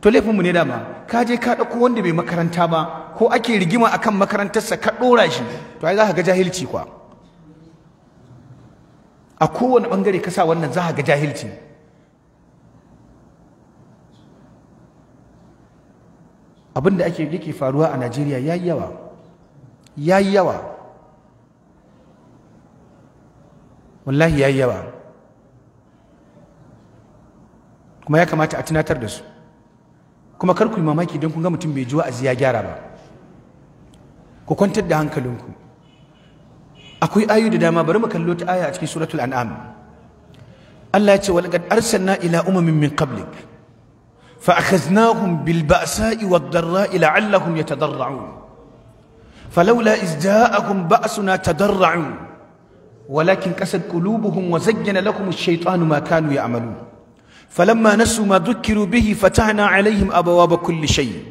to laifinmu ne dama ka je ka ɗauko wanda bai makaranta ba ko ake rigima akan makarantarsa ka ɗora shi to ai za ka ga jahilci kwa a kowane ɓangare ka sa wannan za ka ga jahilci abin da ake yake faruwa a Najeriya yi yawa yi yawa wallahi yi yawa kuma ya kamata a tunatar da su kuma kar ku yi mamaki don kun ga mutum bai ji wa'azi ya gyara ba ku kwantar da hankalinku akwai ayu da dama bari mu kallo ta aya a cikin suratul an'am Allah ya ce walaqad arsalna ila umamin min qablik فأخذناهم بالبأساء والضراء لعلهم يتضرعون فلولا إذ جاءهم بأسنا تضرعوا ولكن كسد قلوبهم وزين لهم الشيطان ما كانوا يعملون فلما نسوا ما ذكروا به فتحنا عليهم أبواب كل شيء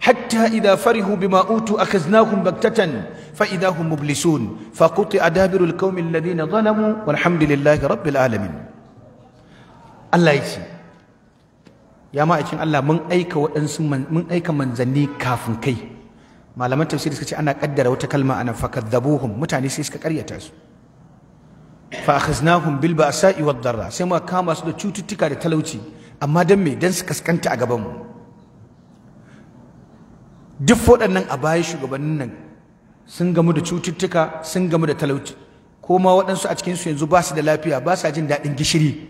حتى إذا فرحوا بما أوتوا أخذناهم بكتة فإذا هم مبلسون فقطع دابر القوم الذين ظلموا والحمد لله رب العالمين الله يسلمك ya ma aikin Allah mun aika waɗansu mun aika manzanni kafin kai malaman tafsiri suka ce ana kaddara wata kalma ana fakadzabuhum mutane sai suka karyata su fa akhaznahum bil ba'sa'i wad darra sai ma kama su da cututtuka da talauci amma dan me dan su kaskanta a gaban mu duk waɗannan a baya shugabannin nan sun gamu da cututtuka sun gamu da talauci ko ma waɗansu a cikinsu yanzu ba su da lafiya ba sa jin daɗin gishiri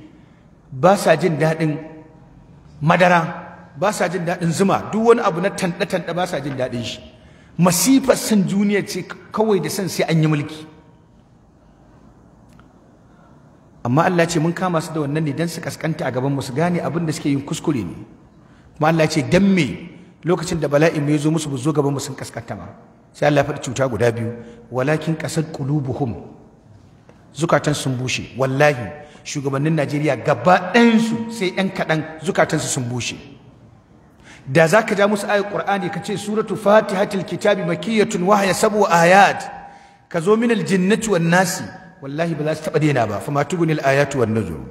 ba sa jin daɗin madara ba sa jin daɗin zuma duk wani abu na tanɗe-tanɗe ba sa jin daɗin shi masifar san duniya ce kawai da san sai an yi mulki amma Allah ce mun kama su da wannan ne don su kaskanta a gaban su gane abin da suke yin kuskure ne kuma Allah ce dan me lokacin da bala'i mai zo musu zo gaban mu sun kaskanta ma sai Allah ya faɗi cuta guda biyu walakin kasad qulubuhum zukatan sun bushe wallahi shugabannin Najeriya gaba ɗayansu sai ‘yan kaɗan zukatansu sun bushe. Da za ka ja musu ayat Ƙur'ani ka ce suratu fatihatil kitabi makiyatun wahaya sabu ayat ka zo minal jinnati wan nasi wallahi ba za su taɓa daina ba fama tugunil ayatu wan nuzur.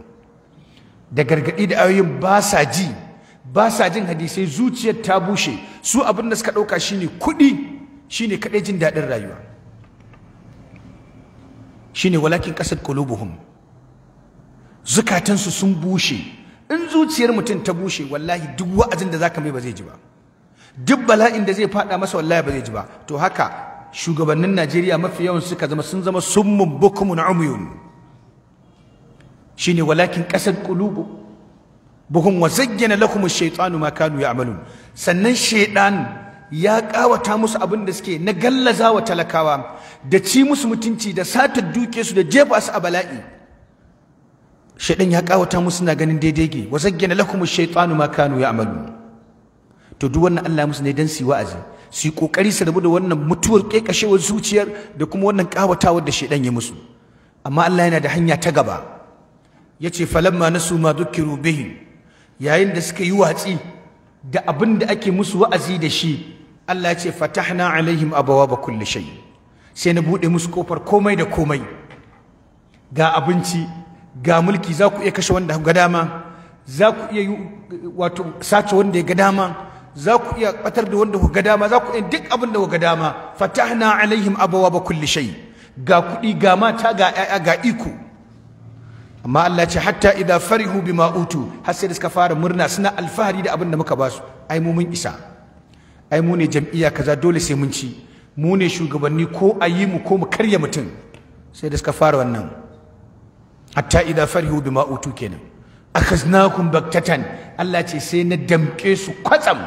Da gargaɗi da ayoyin ba sa ji ba sa jin hadisai zuciyar ta bushe su abin da suka ɗauka shine kuɗi shine kaɗai jin daɗin rayuwa. shine walakin ƙasar qulubuhum zukatansu sun bushe in zuciyar mutum ta bushe wallahi duk wa'azin da zaka mai ba zai ji ba duk bala'in da zai fada masa wallahi ba zai ji ba to haka shugabannin Najeriya mafi yawan suka zama sun zama summun bukumun umyun shine walakin qasad qulubu buhum wa zayyana lakum ash-shaytanu ma kanu ya'malun sannan shaytan ya kawata musu abin da suke na gallaza wa talakawa da ci musu mutunci da satar duke su da jefa su a bala'i shaidan ya kawata musu na ganin daidai ge wa zaggana lakum ash-shaytanu ma kanu ya'malun to duk wannan Allah musu ne dan su wa'azi su yi kokari su rabu da wannan mutuwar kekashewar zuciyar da kuma wannan kawatawar da shaidan ya musu amma Allah yana da hanya ta gaba yace falamma nasu ma duk bihi yayin da suka yi watsi da abin da ake musu wa'azi da shi Allah ya ce fatahna alaihim abawaba kulli shay sai na bude musu kofar komai da komai ga abinci ga mulki za ku iya kashe wanda ga dama za ku iya wato sace wanda ya ga dama za ku iya batar da wanda ga dama za ku iya duk abin da ga dama fatahna alaihim ba kulli shay ga kuɗi ga mata ga ƴaƴa ga iko amma Allah ce hatta idan farihu bima ma'utu, har sai da suka fara murna suna alfahari da abin da muka basu ai mu mun isa ai mu ne jam'iyya kaza dole sai mun ci mu ne shugabanni ko ayi mu ko mu karya mutum sai da suka fara wannan hatta idza farihu bima utu kenan akhaznakum baktatan Allah ce sai na damke su kwatsam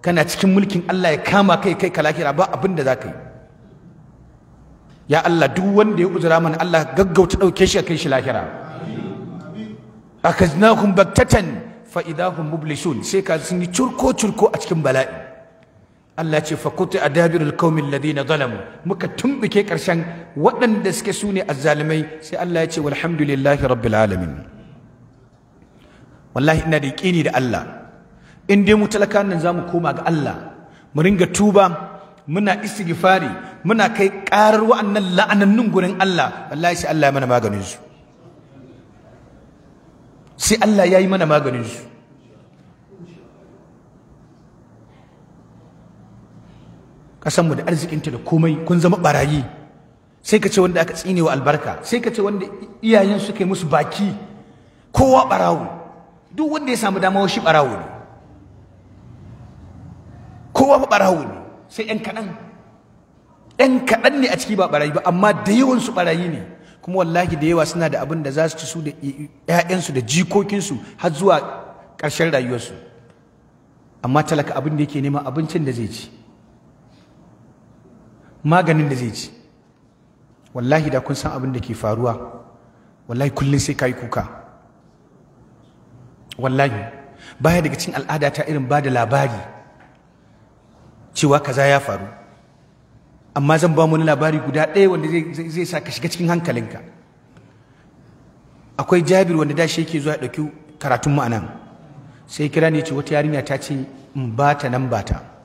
kana cikin mulkin Allah ya kama kai kai kalakira ba abin da zaka yi ya Allah duk wanda ya uzura mana Allah gaggauta dauke shi kai shi lahira akhaznakum baktatan fa idahum mublisun sai ka sun yi curko curko a cikin bala'i Allah ce fakutu a dabirul kaumin ladina zalamu muka tumbuke ƙarshen waɗanda suke su ne azzalumai sai Allah ya ce walhamdulillahi rabbil alamin wallahi ina da yaƙini da Allah in dai mu talaka nan zamu koma ga Allah mu ringa tuba muna istighfari muna kai ƙarar wa'annan la'anannun gurin Allah wallahi sai Allah ya mana maganin su sai Allah ya yi mana maganin su mu da arzikinta da komai kun zama barayi sai ka ce wanda aka tsine wa albarka sai ka ce wanda iyayen suka yi musu baki kowa barawo duk wanda ya samu dama shi barawo ne kowa ba barawo ne sai yan kaɗan yan kaɗan ne a ciki ba barayi ba amma da yawan su barayi ne kuma wallahi da yawa suna da abin da za su ci su da ƴaƴansu da jikokinsu har zuwa ƙarshen rayuwarsu amma talaka abin da yake nema abincin da zai ci maganin da zai ci wallahi da kun san abin da ke faruwa wallahi kullum sai kayi kuka wallahi baya daga cin al'ada ta irin ba da labari cewa kaza ya faru amma zan ba wani labari guda ɗaya wanda zai sa ka shiga cikin hankalinka akwai jabir wanda da shi yake zuwa ya ɗauki karatun ma'anan sai kira ne ce wata yarinya ta ce in ba ta nan ba ta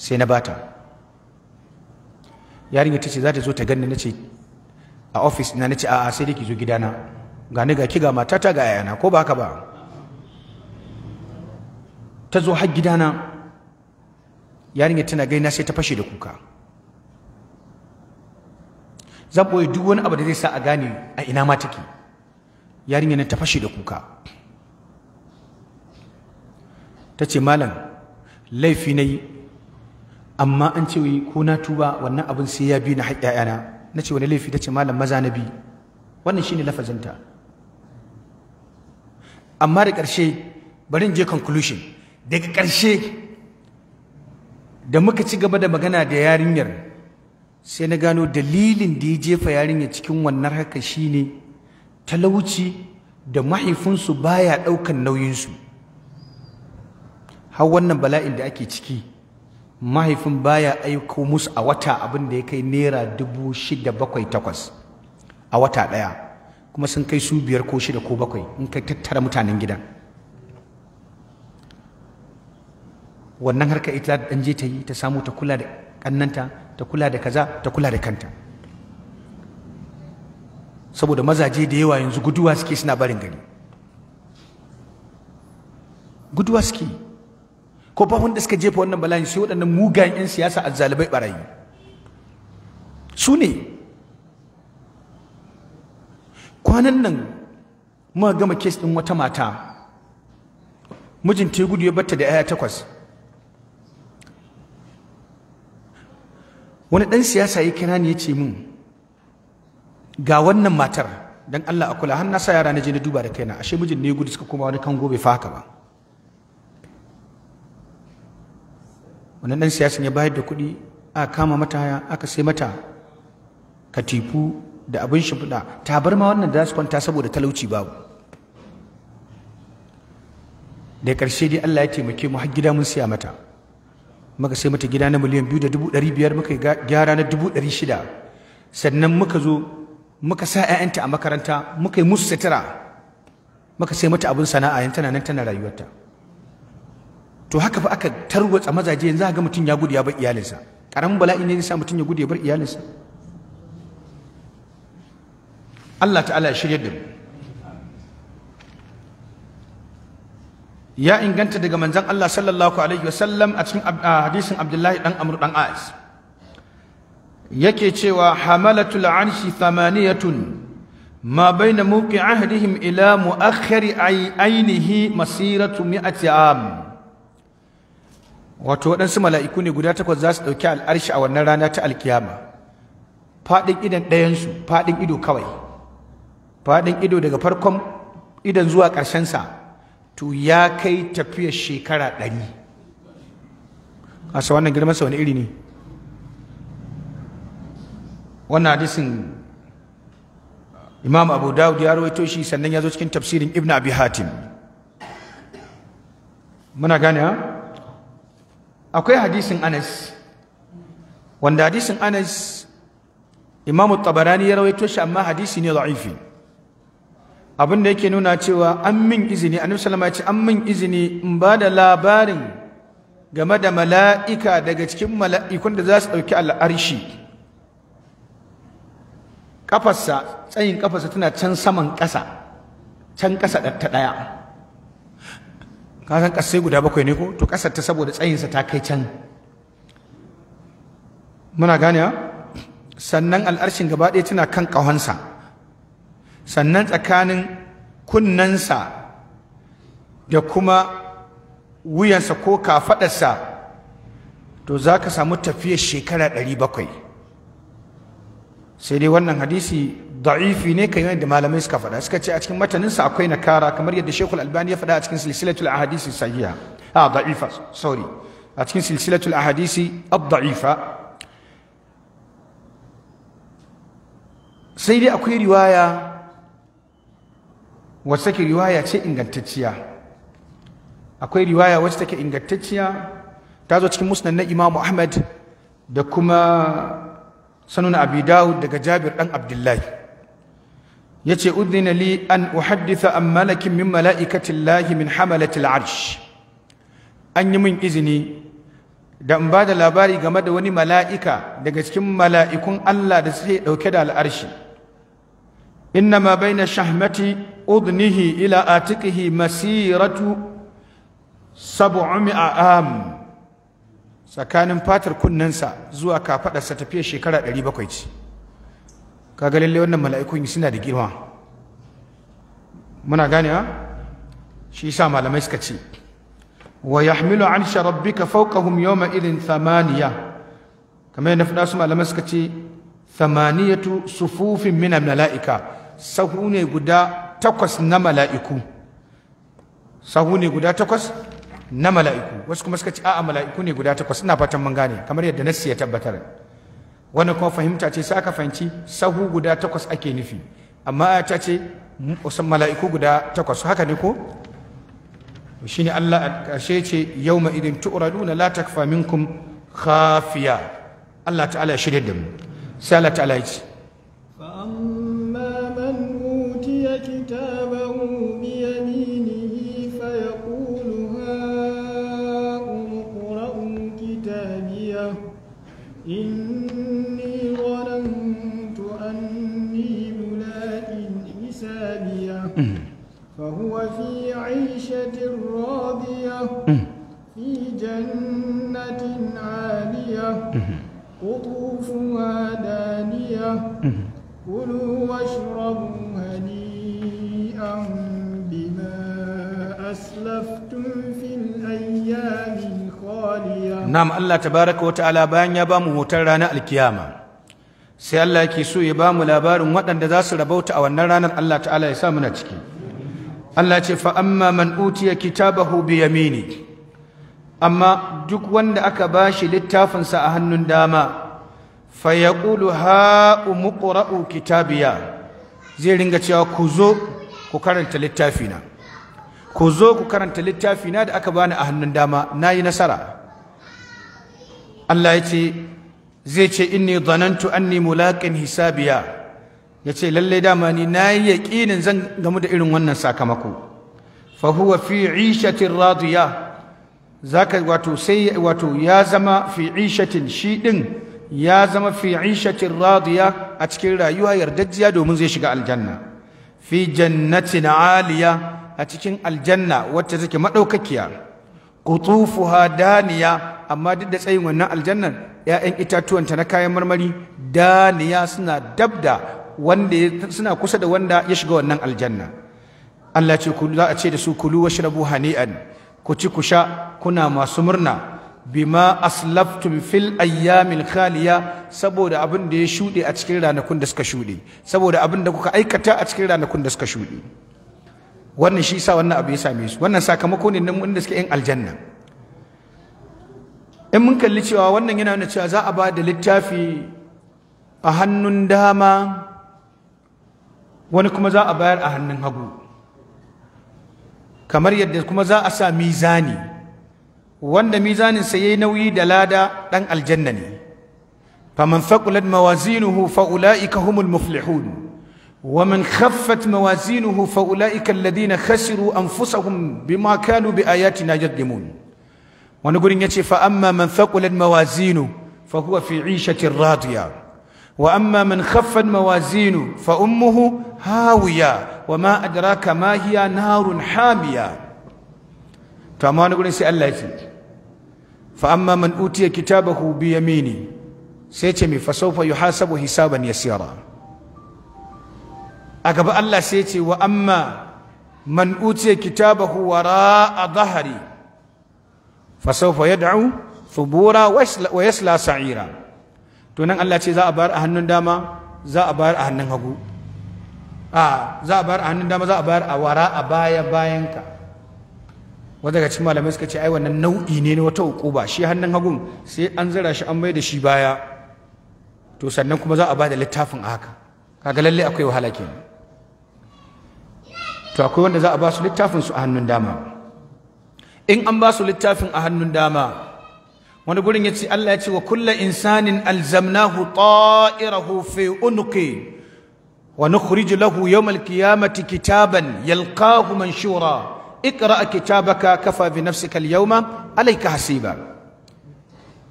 sai na bata yarinya ta ce za ta zo ta ganni na ce a ofis na na ce a'a sai dai ki zo gidana ga ni ga ki ga matata ga yayana ko ba haka ba ta zo har gidana yarinya tana na sai ta fashe da kuka zan ɓoye duk wani abu da zai sa a gane a ina ma take yarinya nan ta fashe da kuka ta ce malam laifi na yi amma an ce wai ko na tuba wannan abin sai ya bi na haƙƙi ƴaƴana na ce wani laifi ta ce malam maza na bi wannan shine lafazinta amma da ƙarshe bari in je conclusion daga ƙarshe da muka ci gaba da magana da yarinyar sai na gano dalilin da ya jefa yarinyar cikin wannan haka shine talauci da mahaifinsu baya ɗaukan nauyinsu har wannan bala'in da ake ciki mahaifin baya aiko musu a wata abin da ya kai naira dubu shida bakwai takwas a wata ɗaya kuma sun kai su biyar ko shida ko bakwai in kai tattara mutanen gidan wannan harka ita da ɗan je ta yi ta samu ta kula da ƙannanta ta kula da kaza ta kula da kanta saboda mazaje da yawa yanzu guduwa suke suna barin gani. guduwa suke ko ba wanda suka jefa wannan bala'in sai waɗannan mugayen 'yan siyasa azzalibai ɓarayi. su ne kwanan nan muka gama kes ɗin wata mata mijinta ya gudu ya batta da 'ya'ya takwas wani ɗan siyasa ya kira ni ya ce min ga wannan matar don Allah a kula har na sa yara na je na duba da kaina ashe mijin ne gudu suka koma wani kango bai fa haka ba wani ɗan siyasan ya bayar da kuɗi aka kama mata aka sai mata katifu da abin shimfiɗa bar ma wannan da su kwanta saboda talauci babu da ƙarshe dai Allah ya taimake mu har gida mun siya mata muka sai mata gida na miliyan biyu da dubu ɗari biyar muka gyara na dubu ɗari shida sannan muka zo muka sa 'ya'yanta a makaranta muka yi musu sutura muka sai mata abin sana'a yan tana nan tana rayuwarta to haka fa aka tarwatsa mazaje yanzu ga mutum ya gudu ya bar iyalinsa karamin bala'i ne sa mutum ya gudu ya bar iyalinsa Allah ta'ala ya shirya da mu ya inganta daga manzon Allah sallallahu alaihi wasallam a cikin hadisin Abdullahi dan Amr dan Ais yake cewa hamalatul arshi thamaniyatun ما بين موقع عهدهم إلى مؤخر عينه مسيرة مئة عام wato waɗansu mala'iku ne guda takwas za su ɗauki al'arshi a wannan rana ta alkiyama faɗin idon ɗayansu faɗin ido kawai faɗin ido daga farkon idon zuwa ƙarshensa to ya kai tafiyar shekara ɗari asa wannan girmansa wani iri ne wannan hadisin imam abu dawud ya rawaito shi sannan ya zo cikin tafsirin ibn abi hatim muna gane ha akwai hadisin anas wanda hadisin anas imamu tabarani ya rawaito shi amma hadisi ne da'ifi abinda yake nuna cewa an min izini annabi sallallahu ce an min izini in ba da labarin game da mala'ika daga cikin mala'ikun da za su ɗauki al'arshi kafarsa tsayin kafarsa tana can saman ƙasa can ƙasa ta ɗaya ka san sai guda bakwai ne ko to kasar ta saboda tsayinsa ta kai can muna gane sannan al'arshin gaba ɗaya tana kan ƙahonsa sannan tsakanin kunnensa da kuma wuyansa ko kafaɗarsa to za ka samu tafiyar shekara ɗari sai dai wannan hadisi da'ifi ne kan kamar yadda malamai suka faɗa suka ce a cikin mataninsa akwai na kara, kamar yadda Sheikhul Albani ya faɗa a cikin silsilatul ahadisi sahiha a ah, da'ifa sorry a cikin silsilatul ahadisi ad-da'ifa sai dai akwai riwaya wacce take riwaya ce ingantacciya akwai riwaya wacce take ingantacciya ta zo cikin musnad na Imam Ahmad da kuma sanin abi dawud daga jabir dan abdullahi yace udina li an uhaddisa an malakin min mala'ikati llahi min hamalati al'arsh an yi min izini da in da labari game da wani mala'ika daga cikin mala'ikun Allah da suke dauke da al'arshi innama baina shahmati udnihi ila atiqihi masiratu a am tsakanin fatar kunnensa zuwa kafadarsa tafiya shekara 700 ce kaga lalle wannan mala'ikun suna da girma muna gane ganewa shi yasa malamai suka ce wa yahmilu arsha rabbika fawqahum yawma idhin thamaniya kamar yadda fada su malamai suka ce thamaniyatu sufufin min malaika sahu ne guda takwas na mala'iku sahu ne guda takwas na mala'iku wasu kuma suka ce a'a mala'iku ne guda takwas ina fatan mun gane kamar yadda nassi ya tabbatar wani kuma fahimta ce sai aka fahimci sahu guda takwas ake nufi amma ta ce mm, mala'iku guda takwas haka ne ko shine Allah a ƙarshe ce yawma idin tu'raduna la takfa minkum khafiya Allah ta'ala ya shirya da mu sai Allah ta'ala ya ce إن قطوفها دانية كلوا واشربوا هنيئا بما أسلفتم في الأيام الخالية نعم الله تبارك وتعالى بان يبام وترانا القيامة sai Allah ke so ya bamu labarin waɗanda za su rabauta a wannan ranar Allah ta'ala ya sa muna ciki Allah ce fa amma man utiya kitabahu yamini amma duk wanda aka bashi littafinsa a hannun dama fa yaqulu ha umqra'u kitabiya zai ringa cewa ku zo ku karanta littafina ku zo ku karanta littafina da aka bani a hannun dama Na yi nasara Allah ya ce zai ce inni dhanantu anni mulaqin hisabiya yace lalle dama ni nayi yaƙinin zan gamu da irin wannan sakamako fa huwa fi 'ishatin radiyah zaka wato sai wato ya zama fi ishatin shi din ya zama fi ishatin radiya a cikin rayuwa yardajjiya domin zai shiga aljanna fi na aliya a cikin aljanna wacce take madaukakiya qutufuha daniya amma duk da tsayin wannan aljannan ‘ya'yan itatuwanta na kayan marmari daniya suna dabda wanda suna kusa da wanda ya shiga wannan aljanna Allah ce za a ce da su kulu washrabu hani'an ku ci ku sha kuna masu murna bima aslaftum fil ayyamin khaliya saboda abin da ya shuɗe a cikin ranakun da suka shuɗe saboda abin da kuka aikata a cikin ranakun da suka shuɗe wannan shi sa wannan abu ya same su wannan sakamako ne nan wanda suke yin aljanna in mun kalli cewa wannan yana nuna cewa za a ba da littafi a hannun dama wani kuma za a bayar a hannun hagu kamar yadda kuma za a sa mizani wanda mizanin sa yayi nauyi da lada ɗan aljanna ne fa man thaqulat mawazinuhu fa ulaika humul muflihun wa man khaffat mawazinuhu fa ulaika alladhina khasiru anfusahum bi Ayati na yajdimun wani gurin ya ce fa amma man thaqulat mawazinu fa huwa fi 'ishatin radiyah وأما من خفت موازينه فأمه هاوية وما أدراك ما هي نار حامية فأما نقول سي الله فأما من أوتي كتابه بيمينه سيتمي فسوف يحاسب حسابا يسيرا أقب الله سيتي وأما من أوتي كتابه وراء ظهري فسوف يدعو ثبورا ويسلى سعيرا to nan Allah ce za a bayar a hannun dama za a bayar a hannun hagu a za a bayar a hannun dama za a bayar a wara a baya bayan ka wanda daga cikin malamai suka ce ai wannan nau'i ne na wata ba. shi hannun hagun sai an zira shi an mai da shi baya to sannan kuma za a ba da littafin a haka kaga lalle akwai wahala kenan to akwai wanda za a ba su littafin su a hannun dama in an ba su littafin a hannun dama wani gurin ya ce Allah ya ce wa kulla insanin alzamnahu ta'irahu fi unqi wa nukhrij lahu yawm alqiyamati kitaban yalqahu manshura اقرأ كتابك كفى بنفسك اليوم عليك حسيبا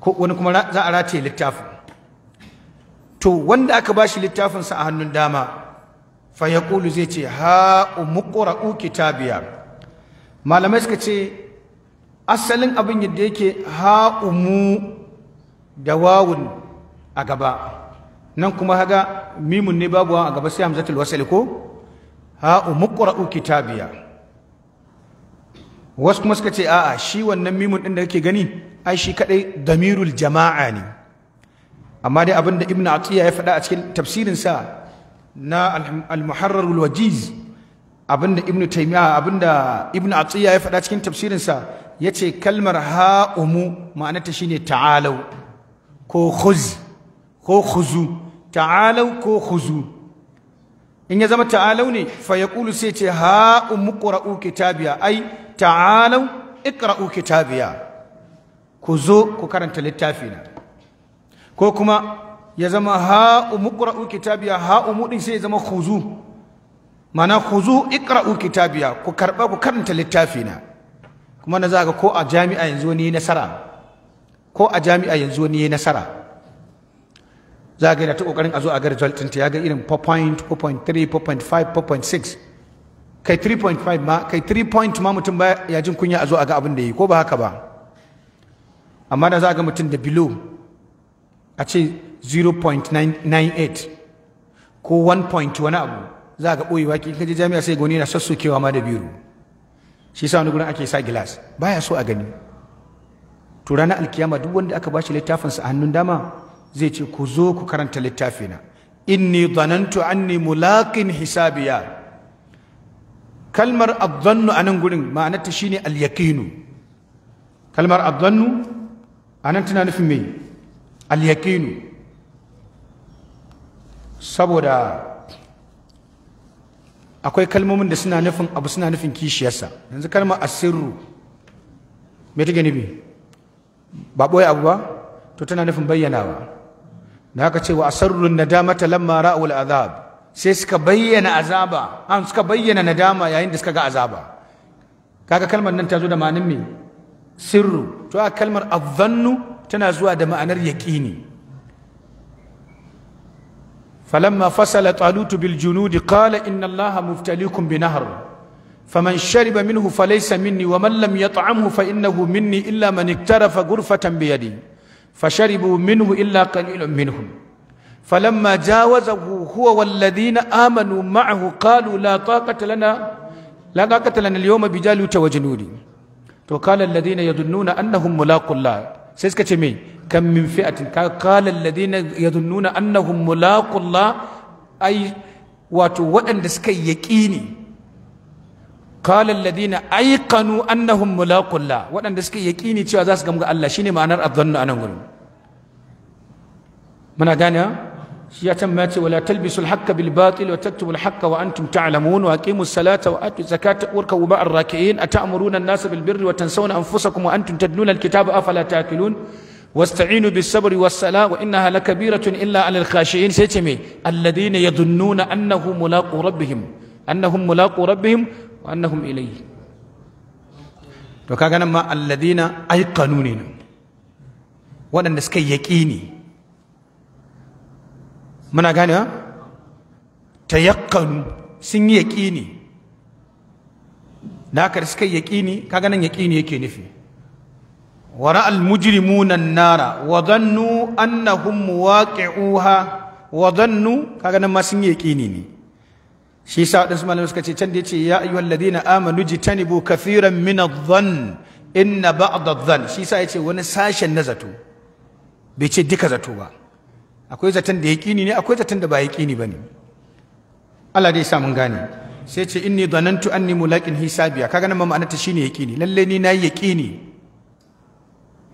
wani kuma za a rataye littafin to wanda aka bashi littafin sa a hannun dama fa yaqulu zai ce ha umqra'u kitabiya malamai suka ce asalin abin yadda yake ha'umu da wawun a gaba nan kuma haga mimun ne babu a gaba sai hamzatul wasali ko ha'umu qra'u kitabiya wasu kuma suka ce a'a shi wannan mimun ɗin da kake gani ai shi kadai damirul jama'a ne amma dai abinda ibn atiya ya faɗa a cikin tafsirin na al-muharrar wajiz abinda ibn taymiya ibn atiya ya faɗa cikin tafsirin ya ce kalmar ha'umu ma'anata shine ta'alau ko khuz ko ta'alau ko huzu. in ya zama ta'alau ne fa sai ce ha'umu qra'u kitabiya ai ta'alau iqra'u kitabiya ku zo ku karanta littafina ko kuma ya zama ha'umu qra'u kitabiya ha'umu ɗin sai ya zama khuzu mana khuzu iqra'u kitabiya ku karɓa ku karanta littafina kuma na za ga ko a jami'a yanzu wani yi nasara ko a jami'a yanzu wani yi nasara za ga na ta kokarin a zo a ga result ya ga irin 4.3 4.5 4.6 kai 3.5 ma kai 3 point ma mutum ba ya jin kunya a zo a ga abin da yi ko ba haka ba amma na za ga mutum da below a ce 0.98 ko 1 point wani abu za ga ɓoyewa ki kaji jami'a sai goni na sassokewa ma da biyu shi sa wani gurin ake sa gilas baya so a gani to ranar alkiyama duk wanda aka bashi littafinsa a hannun dama zai ce ku zo ku karanta littafina inni dhanantu anni mulaqin hisabiya kalmar adhannu anan gurin ma'anarta shine al-yaqinu kalmar adhannu anan tana nufin me al saboda akwai kalmomin da suna nufin abu suna nufin kishiyarsa yanzu kalmar asirru me take nufi ba ɓoye abu ba to tana nufin bayyanawa da haka ce wa asarrun nadamata lamma ra'u al'azab sai suka bayyana azaba an ah, suka bayyana nadama yayin da suka ga azaba kaga kalmar nan ta zo da ma'anin me sirru to a kalmar adhannu tana zuwa da ma'anar yaqini فلما فصل طالوت بالجنود قال إن الله مبتليكم بنهر فمن شرب منه فليس مني ومن لم يطعمه فإنه مني إلا من اقترف غرفة بيدي فشربوا منه إلا قليل منهم فلما جاوزه هو والذين آمنوا معه قالوا لا طاقة لنا لا طاقة لنا اليوم بجالوت وجنودي وقال الذين يظنون أنهم ملاقوا الله sai suka ce me kan min fi'atin ka qala alladhina yadhunnuna annahum mulaqullah ai wato waɗanda suka yaqini qala alladhina ayqanu annahum mulaqullah waɗanda suka yaqini cewa za su gamu ga Allah shine ma'anar adhannu anan gurin muna gane shi ya can ce wala talbisul bil batil wa taktubul haqqa wa antum ta'lamun wa aqimus salata wa atuz zakata raki'in ata'muruna an-nasa bil birri wa tansawna anfusakum wa antum tadluna al-kitaba afala ta'qilun واستعينوا بالصبر والصلاة وإنها لكبيرة إلا على الخاشعين سيتمي الذين يظنون أنهم ملاقو ربهم أنهم ملاقو ربهم to kaga nan ma alladina ay qanunina waɗanda suka yaƙini muna ganewa tayakkanu sun yi yaƙini da haka suka yi yaƙini kaga nan yaƙini yake nufi ra'al almujrimuna nara wa dhannu annahum muwaqi'uha wa dhannu kaga nan ma sun yi yaƙini ne shi sa wadansu malamu suka ce can da yace ya ayyuhal ladina amanu jitanibu kathiran min adh-dhann inna ba'd adh-dhann shi sa yace wani sashen na zato bai ce duka zato ba akwai zaton da yaqini ne akwai zaton da ba yaqini bane Allah dai sa mun gane sai ce inni dhanantu anni mulaqin hisabiya kaga nan ma ma'anarta shine yaqini lalle ni nayi yaqini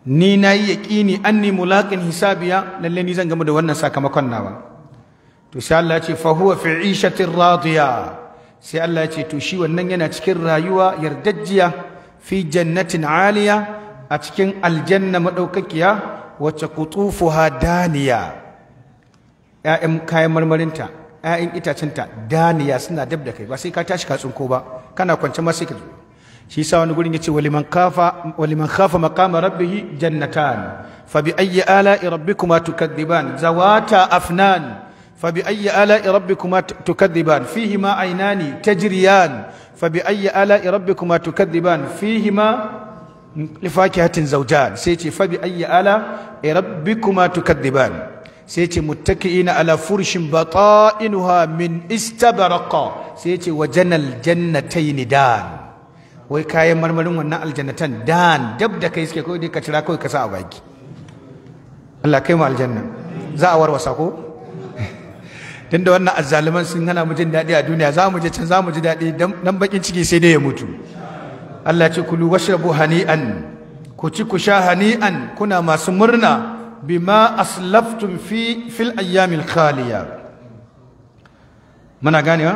ni na yi anni mulaƙin hisabiya lalle ni zan gamu da wannan sakamakon nawa to sai Allah ya ce fa huwa fi ishatin radiya sai Allah ya ce to shi wannan yana cikin rayuwa yardajjiya fi jannatin aliya a cikin aljanna madaukakiya wacce kutufuha daniya 'ya'yan kayan marmarinta 'ya'yan itacinta daniya suna dab da kai ba sai ka tashi ka tsinko ba kana kwance masu sai ka zo shi sa wani gurin yace waliman kafa waliman khafa maqama rabbih jannatan fa bi ayyi ala'i rabbikuma tukadiban zawata afnan fa bi ayyi ala'i rabbikuma tukadiban fihima ta tajriyan fa bi ayyi ala'i rabbikuma tukadiban fihima hatin zawjan sai ce fa bi ayyi kuma rabbikuma tukadiban sai ce muttaki'ina ala furshin bata'inuha min istabraqa sai ce wa janal ni dan wai kayan marmarin wannan aljannatan dan dab da kai suke kawai ka cira kawai ka sa a baki Allah kai mu aljanna za a warwasa ko dan da wannan azzaliman sun hana mu jin daɗi a duniya za mu je can za mu ji daɗi dan bakin ciki sai dai ya mutu Allah ce kulu washrabu hani'an ku ci ku sha hani'an kuna masu murna bima aslaftum fi fil ayyamil muna ganewa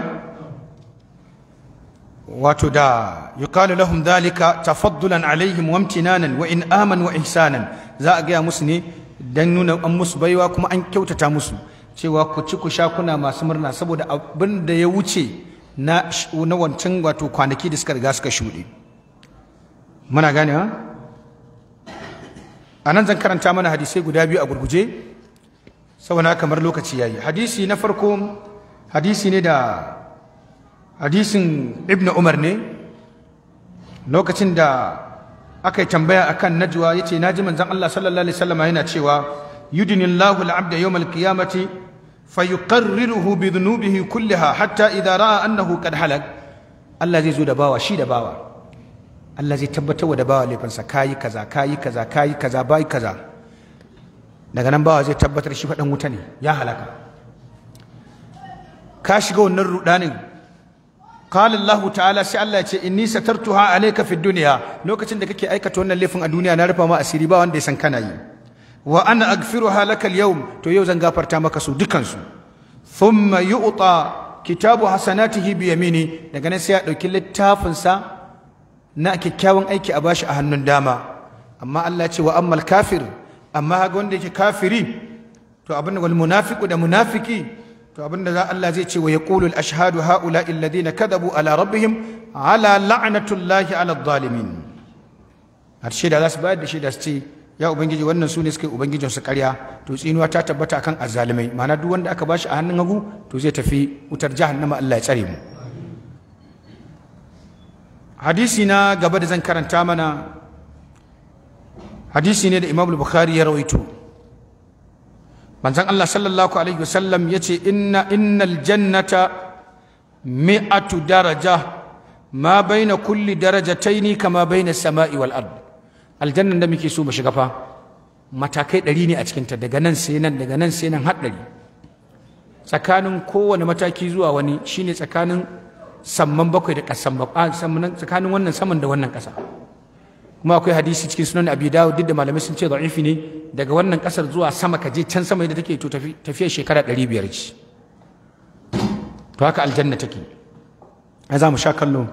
wato da yuqalu lahum dhalika tafaddulan alaihim wa imtinanan wa aman wa ihsanan za a gaya musu ne dan nuna an musu baiwa kuma an kyautata musu cewa ku ci ku sha kuna masu murna saboda abin da ya wuce na wancan kwanaki da suka riga suka shuɗe muna ganewa a nan zan karanta mana hadisai guda biyu a gurguje saboda kamar lokaci yayi hadisi na farko hadisi ne da hadisin ibn umar ne lokacin da aka yi tambaya akan najwa yace ji manzan Allah sallallahu alaihi wasallam yana cewa yudinillahu al-abda yawm al-qiyamati fayuqarriruhu bi dhunubihi kulliha hatta idha ra'a annahu qad halak Allah zai zo da bawa shi da bawa Allah zai tabbatar da bawa laifinsa kayi kaza kayi kaza kayi kaza bai kaza daga nan bawa zai tabbatar shi faɗan wuta ne ya halaka ka shiga wannan rudanin qala ta'ala sai Allah ya ce inni satartuha alayka fid dunya lokacin da kake aikata wannan laifin a duniya na rufa ma asiri ba wanda ya san kana yi wa ana aghfiruha laka al to yau zan gafarta maka su dukansu. su thumma yu'ta kitabu hasanatihi bi yamini daga nan sai ya ɗauki littafinsa. na kyakkyawan aiki a bashi a hannun dama amma Allah ce wa ammal kafir amma wanda yake kafiri to abin da wal munafiqu da munafiki to abin da Allah zai ce wa yaqulu al ashhadu haula alladhina kadabu ala rabbihim ala la'natullahi ala adh-dhalimin har shida za su bayar da shida su ce ya ubangiji wannan su ne suka yi ubangijin su karya to tsinuwa ta tabbata akan azzalumai ma'ana duk wanda aka bashi a hannun hagu to zai tafi wutar jahannama Allah ya tsare mu hadisi na gaba da zan karanta mana hadisi ne da imam bukhari ya rawaito manzon Allah sallallahu alaihi wasallam yace inna innal jannata mi'atu daraja ma baina kulli darajataini kama baina samai wal ard aljannan da muke so mu shiga fa matakai ɗari ne a cikinta daga nan sai nan daga nan sai nan har ɗari tsakanin kowane mataki zuwa wani shine tsakanin samman bakwai da ƙasan tsakanin wannan saman da wannan ƙasa kuma akwai hadisi cikin sunan abi dawud duk da malamai sun ce da'ifi ne daga wannan ƙasar zuwa sama ka je can sama da take to tafiyar shekara ɗari biyar ce to haka aljanna take a za mu sha kallo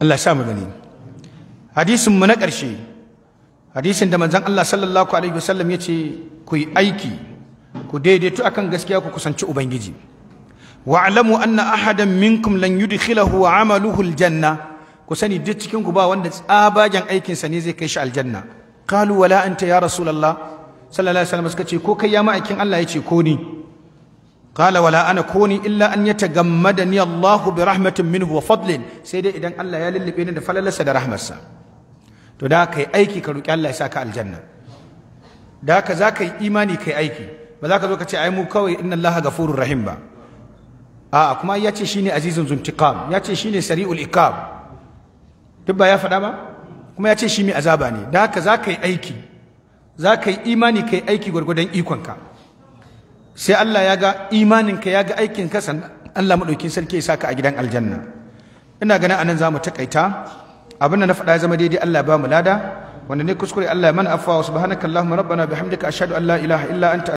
Allah sha mu gani hadisin mu na ƙarshe hadisin da manzon Allah sallallahu alaihi wasallam ya ce ku yi aiki ku daidaito akan gaskiya ku kusanci ubangiji wa'lamu anna ahadan minkum lan yudkhilahu amaluhu aljanna ku sani duk cikin ku ba wanda tsabagen aikin sa ne zai kai shi aljanna qalu wala anta ya rasulullah sallallahu alaihi wasallam suka ce ko kai ya ma'aikin Allah yace ko ni qala wala ana ko ni illa an yatagammadani Allahu bi rahmatin minhu wa fadlin sai dai idan Allah ya lullube ni da falalarsa da rahmarsa to da kai aiki ka roki Allah ya saka aljanna da haka za ka yi imani kai aiki ba za ka zo ka ce ai mu kawai inna allaha gafurur rahim ba a kuma ya ce shine azizun zuntiqam ya ce shine sari'ul ikab, duk ba ya faɗa ba kuma ya ce shi mai azaba ne da haka za ka yi aiki za ka yi imani ka yi aiki gwargwadon ikonka sai Allah ya ga imaninka ya ga aikinka sannan Allah maɗaukin sarki ya sa ka a gidan aljanna ina ganin anan za mu taƙaita abin da na faɗa ya zama daidai Allah ya ba mu lada wanda ne kuskure Allah ya mana afawa subhanaka allahumma rabbana bihamdika ashhadu an la ilaha illa anta